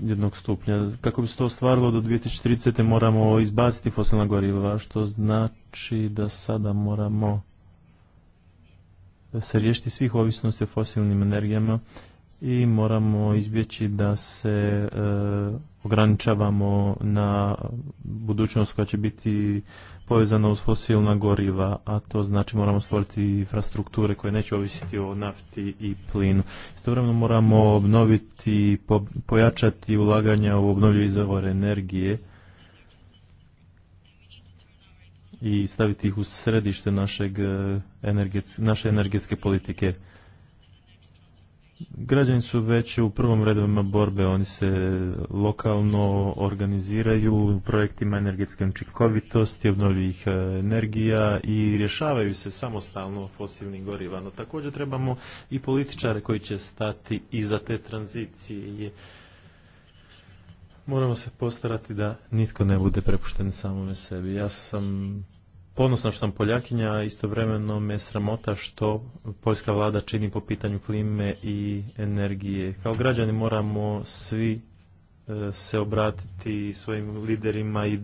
jednog stupnja. Kako bi se to ostvarilo do 2030. moramo izbaciti fosilna goriva, što znači da sada moramo se riješiti svih ovisnosti o fosilnim energijama i moramo izbjeći da se e, ograničavamo na budućnost koja će biti povezano uz fosilna goriva, a to znači moramo stvoriti infrastrukture koje neće ovisiti o nafti i plinu. Istovremeno moramo obnoviti, pojačati ulaganja u obnovljive izvore energije i staviti ih u središte eh, naše energetske politike. Građani su već u prvom redovima borbe, oni se lokalno organiziraju u projektima energetske učinkovitosti, obnovljivih e, energija i rješavaju se samostalno fosilnih goriva. No također trebamo i političare koji će stati iza te tranzicije. Moramo se postarati da nitko ne bude prepušten samome sebi. Ja sam ponosna što sam Poljakinja, a istovremeno me sramota što poljska vlada čini po pitanju klime i energije. Kao građani moramo svi e, se obratiti svojim liderima i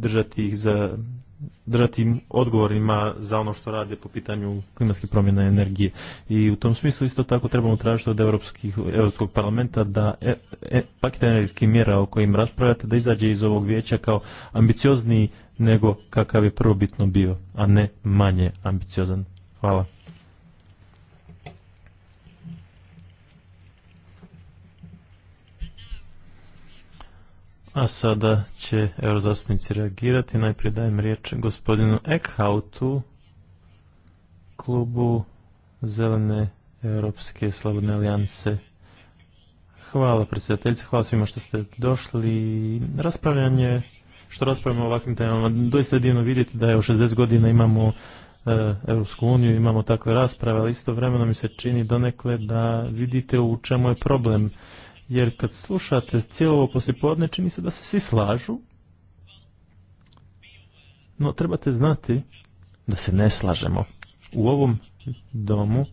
držati ih za držati odgovorima za ono što rade po pitanju klimatskih promjena i energije. I u tom smislu isto tako trebamo tražiti od Europskih, Europskog parlamenta da e, e, paket energijskih mjera o kojim raspravljate da izađe iz ovog vijeća kao ambiciozniji nego kakav je prvobitno bio, a ne manje ambiciozan. Hvala. A sada će eurozastupnici reagirati. Najprije dajem riječ gospodinu Eckhautu, klubu Zelene Europske slobodne alijanse. Hvala predsjedateljice, hvala svima što ste došli. Raspravljanje, što raspravljamo o ovakvim temama, doista je divno vidjeti da je u 60 godina imamo eh, Europsku uniju, imamo takve rasprave, ali isto vremeno mi se čini donekle da vidite u čemu je problem jer kad slušate cijelo ovo poslijepodne čini se da se svi slažu, no trebate znati da se ne slažemo. U ovom domu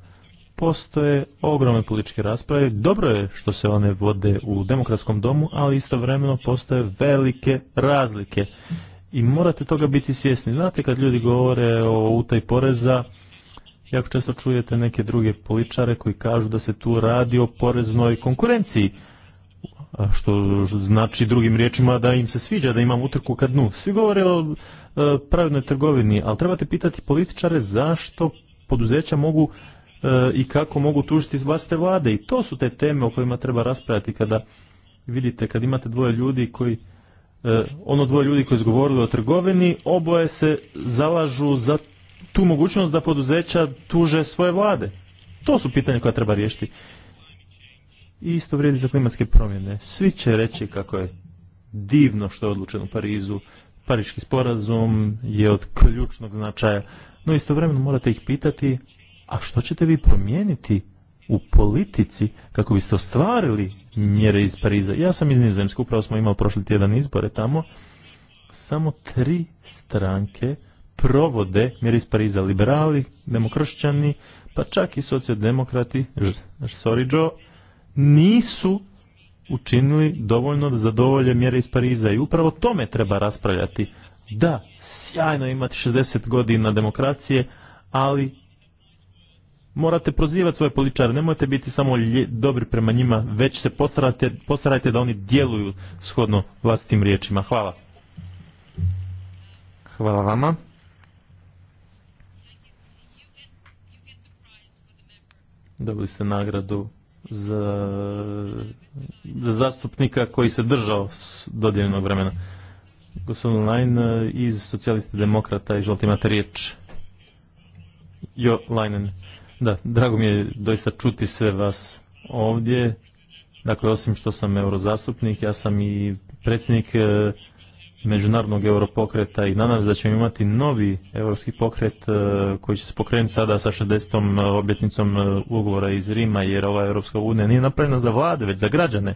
postoje ogromne političke rasprave. Dobro je što se one vode u demokratskom domu, ali istovremeno postoje velike razlike. I morate toga biti svjesni. Znate, kad ljudi govore o utaj poreza, Jako često čujete neke druge političare koji kažu da se tu radi o poreznoj konkurenciji. Što znači drugim riječima da im se sviđa da imam utrku ka dnu. Svi govore o e, pravednoj trgovini, ali trebate pitati političare zašto poduzeća mogu e, i kako mogu tužiti iz vlastite vlade. I to su te teme o kojima treba raspravljati kada vidite, kad imate dvoje ljudi koji e, ono dvoje ljudi koji su govorili o trgovini, oboje se zalažu za tu mogućnost da poduzeća tuže svoje vlade? To su pitanja koja treba riješiti. I isto vrijedi za klimatske promjene. Svi će reći kako je divno što je odlučeno u Parizu. Pariški sporazum je od ključnog značaja. No istovremeno morate ih pitati, a što ćete vi promijeniti u politici kako biste ostvarili mjere iz Pariza? Ja sam iz Nizozemske, upravo smo imali prošli tjedan izbore tamo. Samo tri stranke provode mjere iz Pariza liberali, demokršćani, pa čak i socijaldemokrati, sorry Joe, nisu učinili dovoljno da zadovolje mjere iz Pariza i upravo tome treba raspravljati. Da, sjajno imati 60 godina demokracije, ali morate prozivati svoje političare, nemojte biti samo dobri prema njima, već se postarajte, da oni djeluju shodno vlastitim riječima. Hvala. Hvala vama. Dobili ste nagradu za, za zastupnika koji se držao dodijeljenog vremena. Gospodin Lajn e, iz socijalista demokrata i želite imate riječ. Jo, Lajnen. Da, drago mi je doista čuti sve vas ovdje. Dakle, osim što sam eurozastupnik, ja sam i predsjednik e, međunarodnog europokreta i nadam se da ćemo imati novi europski pokret e, koji će se pokrenuti sada sa 60. E, objetnicom e, ugovora iz Rima jer ova Europska unija nije napravljena za vlade već za građane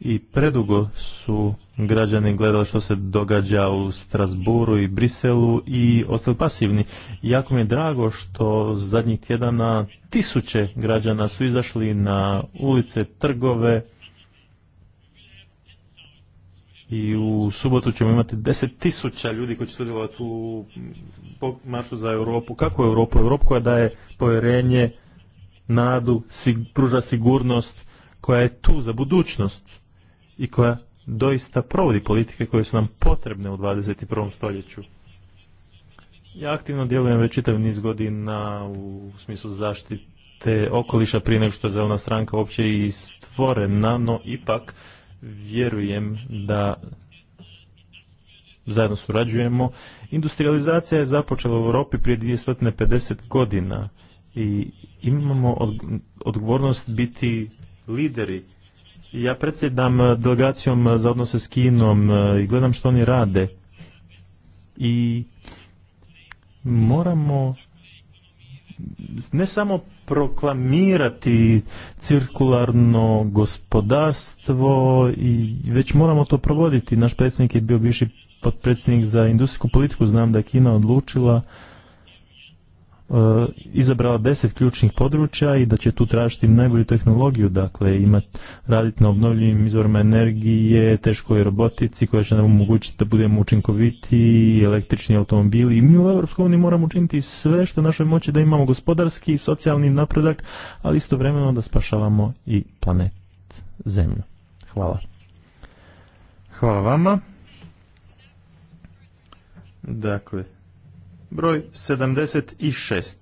i predugo su građani gledali što se događa u Strasburu i Briselu i ostali pasivni. Jako mi je drago što zadnjih tjedana tisuće građana su izašli na ulice, trgove, i u subotu ćemo imati deset tisuća ljudi koji će sudjelovati u maršu za Europu. Kako je Europu? Europu koja daje povjerenje, nadu, sig, pruža sigurnost, koja je tu za budućnost i koja doista provodi politike koje su nam potrebne u 21. stoljeću. Ja aktivno djelujem već čitav niz godina u smislu zaštite okoliša prije nego što je zelena stranka uopće i stvorena, no ipak vjerujem da zajedno surađujemo. Industrializacija je započela u Europi prije 250 godina i imamo odgovornost biti lideri. Ja predsjedam eh, delegacijom eh, za odnose s Kinom eh, i gledam što oni rade. I moramo ne samo proklamirati cirkularno gospodarstvo i već moramo to provoditi. Naš predsjednik je bio bivši potpredsjednik za industrijsku politiku, znam da je Kina odlučila E, izabrala deset ključnih područja i da će tu tražiti najbolju tehnologiju, dakle imat, raditi na obnovljivim izvorima energije, teškoj robotici koja će nam omogućiti da budemo učinkoviti, električni automobili i mi u uniji moramo učiniti sve što našoj moći da imamo gospodarski i socijalni napredak, ali istovremeno da spašavamo i planet Zemlju. Hvala. Hvala vama. Dakle, broj 76.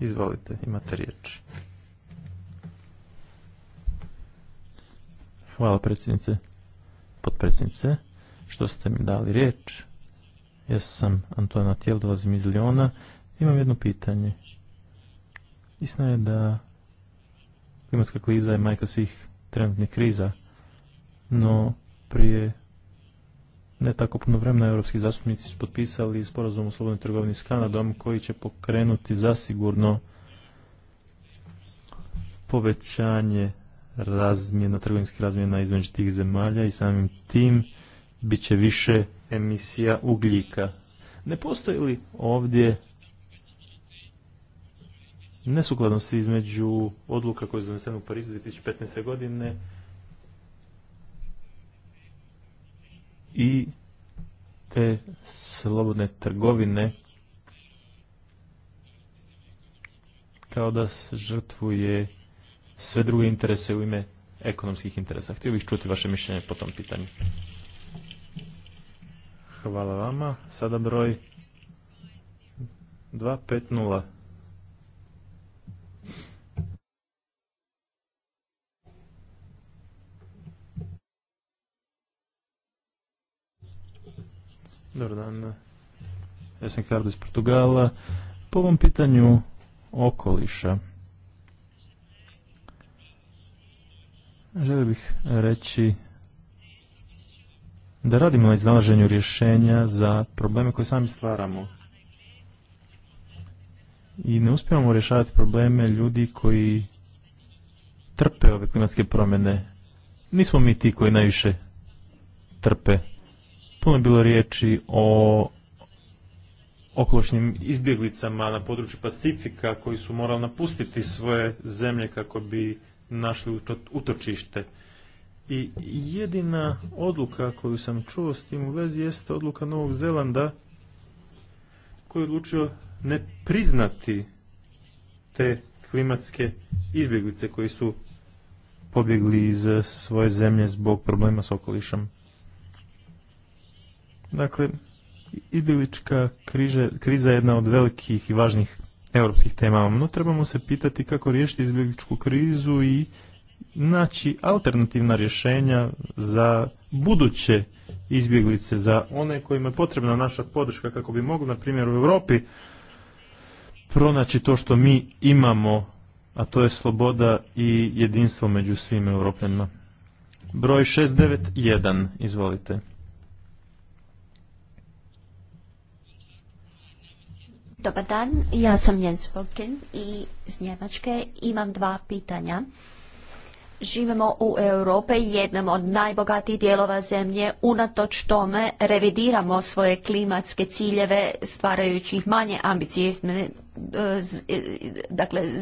Izvolite, imate riječ. Hvala predsjednice, podpredsjednice, što ste mi dali riječ. Ja sam Antona Tijel, dolazim iz Lijona. Imam jedno pitanje. Istina je da klimatska kriza je majka svih trenutnih kriza, no prije ne tako puno vremena europski zastupnici su potpisali sporazum o slobodnoj trgovini s Kanadom koji će pokrenuti zasigurno povećanje razmjena, trgovinskih razmjena između tih zemalja i samim tim bit će više emisija ugljika. Ne postoji li ovdje nesukladnosti između odluka koje je donesena u Parizu 2015. godine i te slobodne trgovine kao da se žrtvuje sve druge interese u ime ekonomskih interesa. Htio bih čuti vaše mišljenje po tom pitanju. Hvala vama. Sada broj 250. Dobar dan. Ja sam Karlo iz Portugala. Po ovom pitanju okoliša želio bih reći da radimo na iznalaženju rješenja za probleme koje sami stvaramo. I ne uspijemo rješavati probleme ljudi koji trpe ove klimatske promjene. Nismo mi ti koji najviše trpe Puno je bilo riječi o okolišnim izbjeglicama na području Pacifika koji su morali napustiti svoje zemlje kako bi našli utočište. I jedina odluka koju sam čuo s tim u vezi jeste odluka Novog Zelanda koji je odlučio ne priznati te klimatske izbjeglice koji su pobjegli iz svoje zemlje zbog problema s okolišom. Dakle, izbjeglička kriza je jedna od velikih i važnih europskih tema. No trebamo se pitati kako riješiti izbjegličku krizu i naći alternativna rješenja za buduće izbjeglice, za one kojima je potrebna naša podrška kako bi mogli, na primjer, u Europi pronaći to što mi imamo, a to je sloboda i jedinstvo među svim europljanima. Broj 691, izvolite. Dobar dan, ja sam Jens Volkin i iz Njemačke. Imam dva pitanja. Živimo u Europe, jednom od najbogatijih dijelova zemlje, unatoč tome revidiramo svoje klimatske ciljeve stvarajući ih manje ambicije. E, e, dakle, e,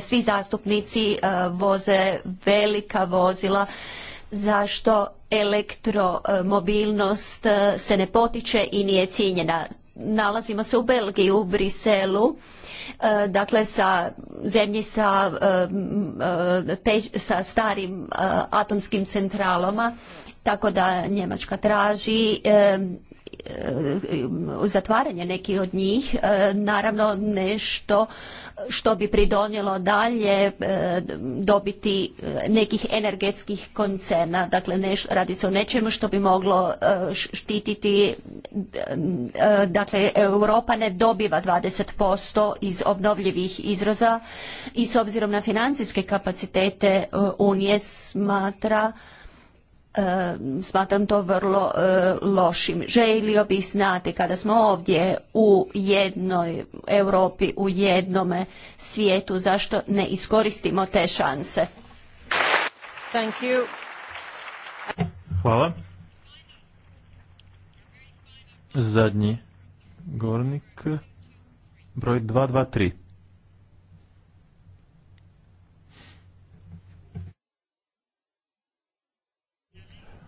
svi zastupnici voze velika vozila, zašto elektromobilnost se ne potiče i nije cijenjena nalazimo se u Belgiji, u Briselu, e, dakle sa zemlji sa, e, e, sa starim atomskim centralama, tako da Njemačka traži E, zatvaranje nekih od njih e, naravno nešto što bi pridonijelo dalje e, dobiti nekih energetskih koncerna. Dakle, radi se o nečemu što bi moglo štititi dakle Europa ne dobiva 20% iz obnovljivih izroza i s obzirom na financijske kapacitete Unije smatra E, smatram to vrlo eh, lošim. Želio bih znati kada smo ovdje u jednoj Europi, u jednome svijetu, zašto ne iskoristimo te šanse. Thank you. Hvala. Zadnji govornik, broj 223.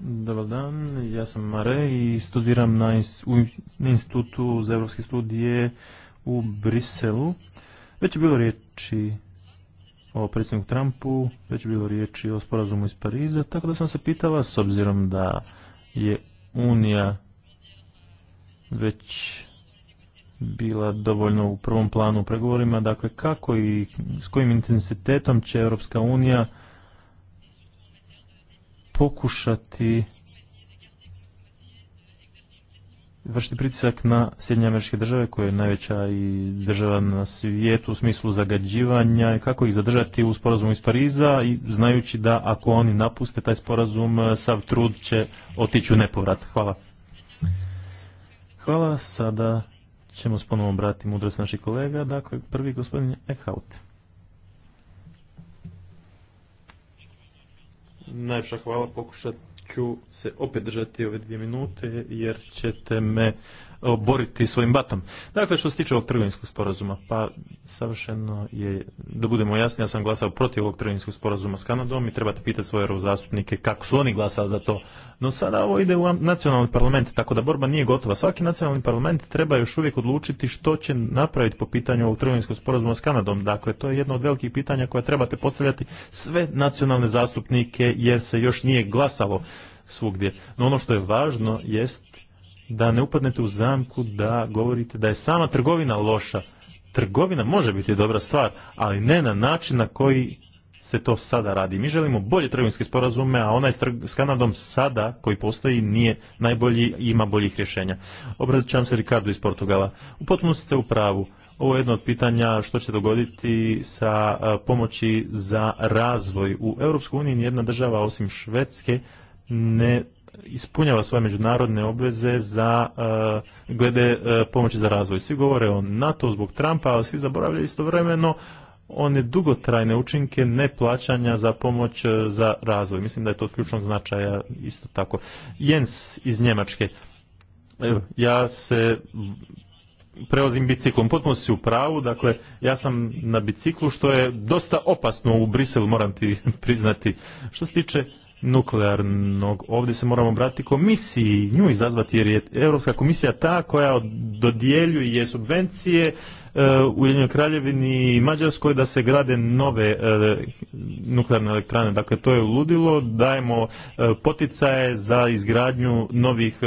Dobar dan, ja sam Mare i studiram na Institutu za evropske studije u Briselu. Već je bilo riječi o predsjedniku Trumpu, već je bilo riječi o sporazumu iz Pariza, tako da sam se pitala, s obzirom da je Unija već bila dovoljno u prvom planu u pregovorima, dakle kako i s kojim intenzitetom će Europska unija pokušati vršiti pritisak na Sjedinje američke države koja je najveća i država na svijetu u smislu zagađivanja i kako ih zadržati u sporazumu iz Pariza i znajući da ako oni napuste taj sporazum sav trud će otići u nepovrat. Hvala. Hvala. Sada ćemo s ponovom brati mudrost naših kolega. Dakle, prvi gospodin Ehaut. Najpša hvala, pokušat ću se opet držati ove dvije minute jer ćete me oboriti svojim batom. Dakle, što se tiče ovog trgovinskog sporazuma, pa savršeno je, da budemo jasni, ja sam glasao protiv ovog trgovinskog sporazuma s Kanadom i trebate pitati svoje zastupnike kako su oni glasali za to. No sada ovo ide u nacionalni parlament, tako da borba nije gotova. Svaki nacionalni parlament treba još uvijek odlučiti što će napraviti po pitanju ovog trgovinskog sporazuma s Kanadom. Dakle, to je jedno od velikih pitanja koja trebate postavljati sve nacionalne zastupnike jer se još nije glasalo svugdje. No ono što je važno jest da ne upadnete u zamku da govorite da je sama trgovina loša. Trgovina može biti dobra stvar, ali ne na način na koji se to sada radi. Mi želimo bolje trgovinske sporazume, a onaj s Kanadom sada koji postoji nije najbolji i ima boljih rješenja. Obraćam se Ricardo iz Portugala. U potpunosti ste u pravu. Ovo je jedno od pitanja što će dogoditi sa pomoći za razvoj. U EU nijedna država osim Švedske ne ispunjava svoje međunarodne obveze za e, glede e, pomoći za razvoj. Svi govore o NATO zbog Trumpa, ali svi zaboravljaju istovremeno one dugotrajne učinke neplaćanja za pomoć e, za razvoj. Mislim da je to od ključnog značaja isto tako. Jens iz Njemačke. Evo, ja se prevozim biciklom. Potpuno si u pravu, dakle, ja sam na biciklu, što je dosta opasno u Briselu, moram ti priznati. Što se tiče nuklearnog. Ovdje se moramo obratiti komisiji, nju izazvati jer je Europska komisija ta koja dodjeljuje subvencije u e, Ujedinjenoj Kraljevini i Mađarskoj da se grade nove e, nuklearne elektrane. Dakle, to je ludilo. Dajemo e, poticaje za izgradnju novih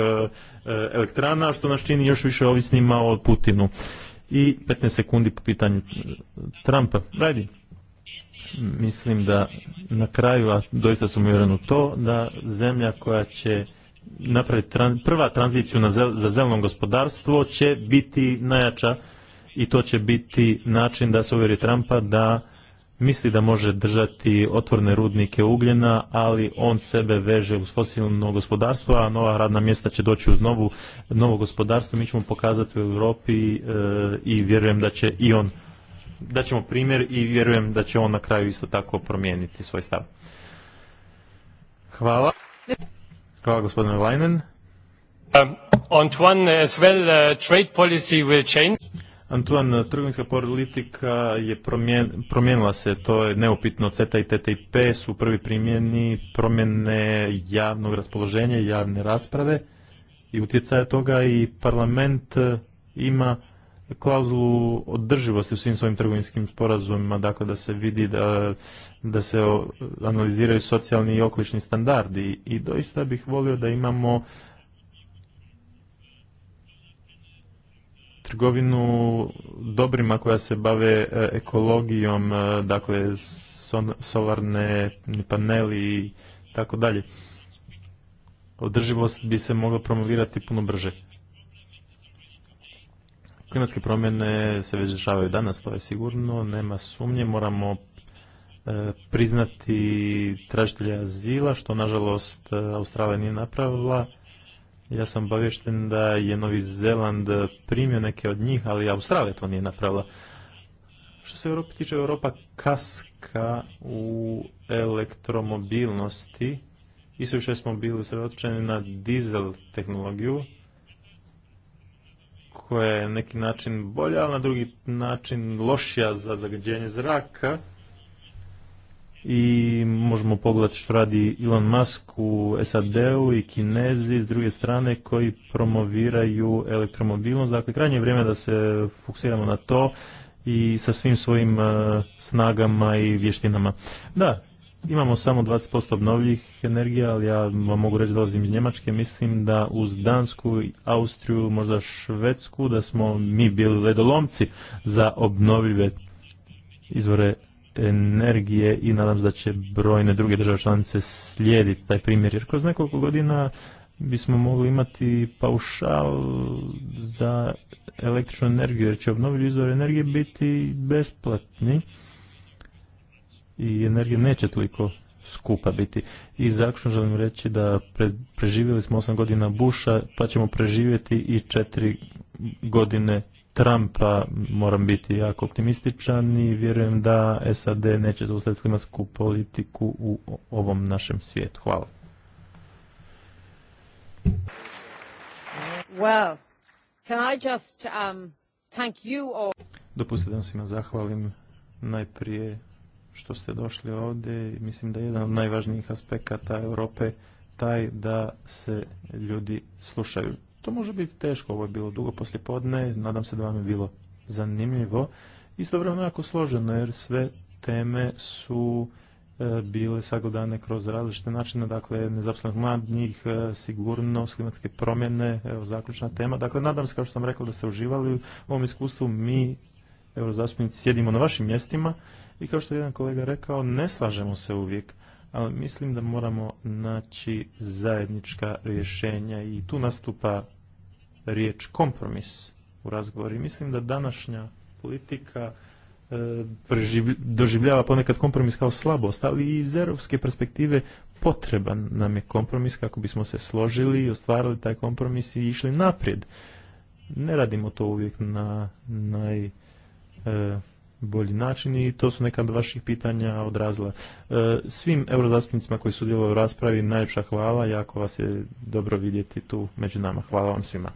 elektrana, što nas čini još više ovisnima o Putinu. I 15 sekundi po pitanju Trumpa. Radi mislim da na kraju, a doista sam uvjeren u to, da zemlja koja će napraviti prva tranziciju na za zeleno gospodarstvo će biti najjača i to će biti način da se uvjeri Trumpa da misli da može držati otvorne rudnike ugljena, ali on sebe veže uz fosilno gospodarstvo, a nova radna mjesta će doći uz novu, novo gospodarstvo. Mi ćemo pokazati u Europi e, i vjerujem da će i on da ćemo primjer i vjerujem da će on na kraju isto tako promijeniti svoj stav. Hvala. Hvala gospodine Leinen. Um, Antoine, as well, uh, trade policy will change. Antoine, trgovinska politika je promijenila se, to je neupitno. CETA i TTIP su prvi primjeni promjene javnog raspoloženja javne rasprave i utjecaja toga i parlament ima klauzulu održivosti u svim svojim trgovinskim sporazumima, dakle da se vidi da, da se analiziraju socijalni i okolišni standardi i doista bih volio da imamo trgovinu dobrima koja se bave e, ekologijom, e, dakle solarne paneli i tako dalje. Održivost bi se mogla promovirati puno brže. Klimatske promjene se već dešavaju danas, to je sigurno, nema sumnje, moramo e, priznati tražitelja azila, što nažalost e, Australija nije napravila. Ja sam obavješten da je Novi Zeland primio neke od njih, ali Australija to nije napravila. Što se Europe tiče, Europa kaska u elektromobilnosti. više smo bili usredotočeni na dizel tehnologiju, koja je neki način bolja, ali na drugi način lošija za zagađenje zraka. I možemo pogledati što radi Elon Musk u SAD-u i Kinezi s druge strane koji promoviraju elektromobilnost. Dakle, krajnje je vrijeme da se fokusiramo na to i sa svim svojim eh, snagama i vještinama. Da, imamo samo 20% obnovljivih energija, ali ja vam mogu reći dolazim iz Njemačke, mislim da uz Dansku, Austriju, možda Švedsku, da smo mi bili ledolomci za obnovljive izvore energije i nadam se da će brojne druge države članice slijediti taj primjer, jer kroz nekoliko godina bismo mogli imati paušal za električnu energiju, jer će obnovljivi izvore energije biti besplatni i energija neće toliko skupa biti. I zaključno želim reći da preživjeli smo osam godina Busha, pa ćemo preživjeti i četiri godine Trumpa. Moram biti jako optimističan i vjerujem da SAD neće zaustaviti klimatsku politiku u ovom našem svijetu. Hvala. Well, can I just um, thank you Dopustite da vam svima zahvalim najprije što ste došli ovdje. Mislim da je jedan od najvažnijih aspekata Europe taj da se ljudi slušaju. To može biti teško, ovo je bilo dugo poslije podne, nadam se da vam je bilo zanimljivo. Istovremeno jako složeno jer sve teme su e, bile sagledane kroz različite načine, dakle nezapisanih mladih, e, sigurnost, klimatske promjene, evo zaključna tema. Dakle, nadam se, kao što sam rekao, da ste uživali u ovom iskustvu. Mi, evo zastupnici, sjedimo na vašim mjestima i kao što je jedan kolega rekao, ne slažemo se uvijek, ali mislim da moramo naći zajednička rješenja i tu nastupa riječ kompromis u razgovoru. Mislim da današnja politika e, doživljava ponekad kompromis kao slabost, ali i iz europske perspektive potreban nam je kompromis kako bismo se složili i ostvarili taj kompromis i išli naprijed. Ne radimo to uvijek na naj e, bolji način i to su neka od vaših pitanja odrazila. E, svim eurozastupnicima koji su u raspravi najljepša hvala, jako vas je dobro vidjeti tu među nama. Hvala vam svima.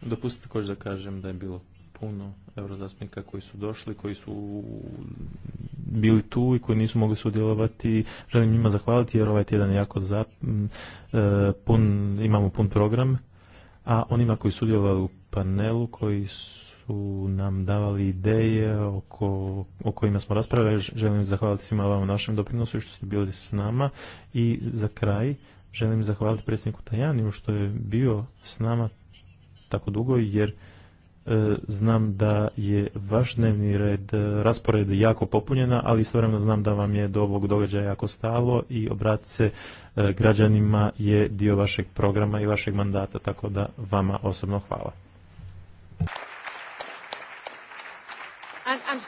Dopustite također da kažem da je bilo puno eurozastupnika koji su došli, koji su bili tu i koji nisu mogli sudjelovati. Želim njima zahvaliti jer ovaj tjedan je jako za, e, pun, imamo pun program, a onima koji su sudjelovali u panelu koji su nam davali ideje oko, o kojima smo raspravljali. Želim zahvaliti svima vam našem doprinosu što ste bili s nama. I za kraj želim zahvaliti predsjedniku Tajaniju što je bio s nama tako dugo jer e, znam da je vaš dnevni red, e, raspored jako popunjena, ali istovremeno znam da vam je do ovog događaja jako stalo i obrat se e, građanima je dio vašeg programa i vašeg mandata, tako da vama osobno hvala. And, and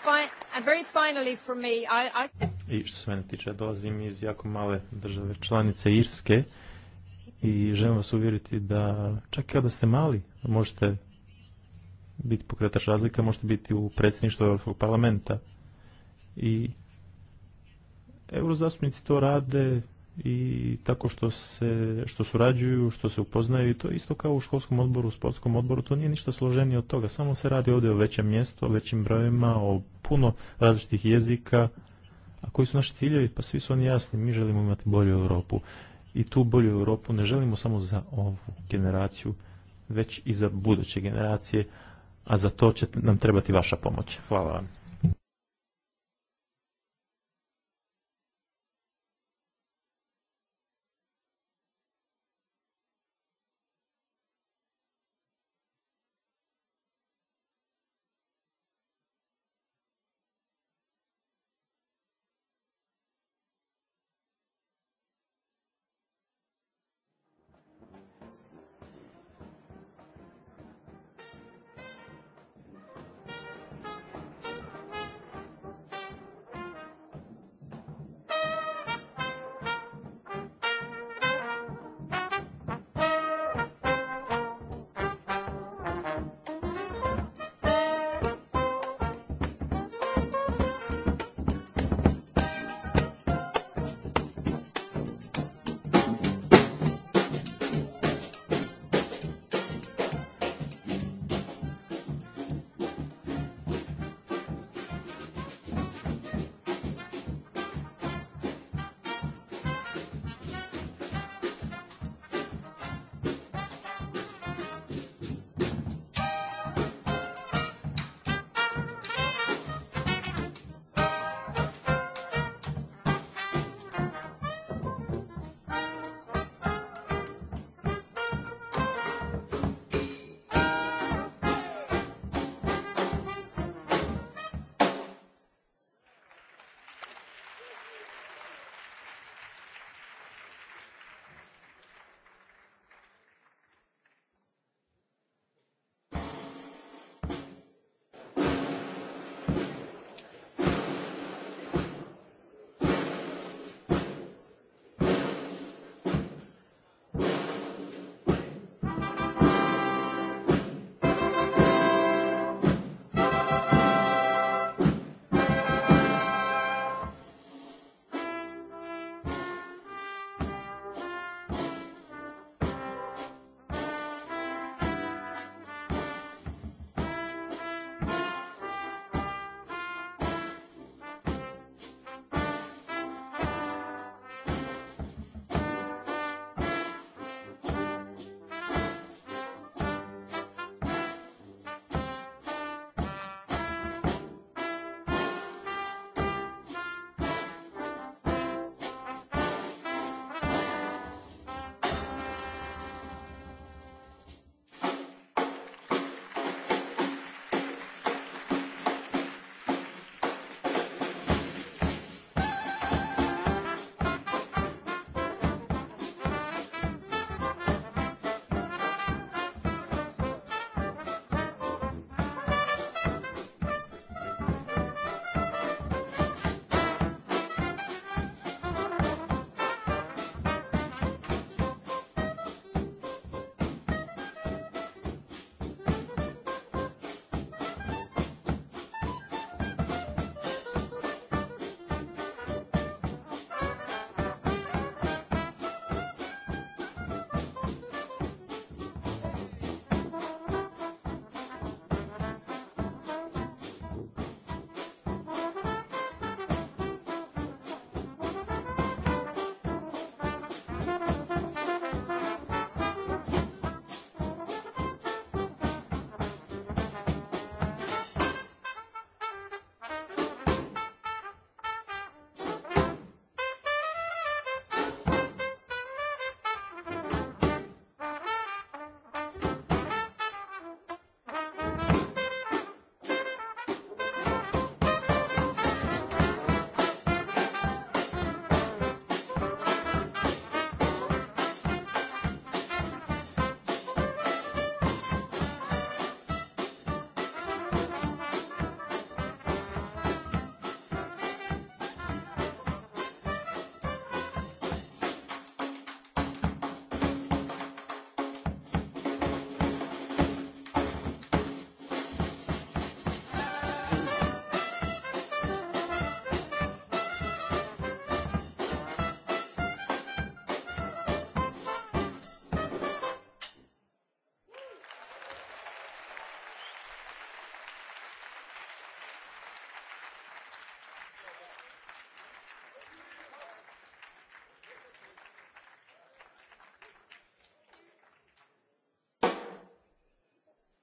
I, što se mene tiče, dolazim iz jako male države članice Irske i želim vas uvjeriti da čak i kada ste mali, možete biti pokretač razlika, možete biti u predsjedništvu Europskog parlamenta. I eurozastupnici to rade i tako što se što surađuju, što se upoznaju i to isto kao u školskom odboru, u sportskom odboru, to nije ništa složenije od toga, samo se radi ovdje o većem mjestu, o većim brojevima, o puno različitih jezika. A koji su naši ciljevi? Pa svi su oni jasni, mi želimo imati bolju Europu. I tu bolju Europu ne želimo samo za ovu generaciju, već i za buduće generacije, a za to će nam trebati vaša pomoć. Hvala vam.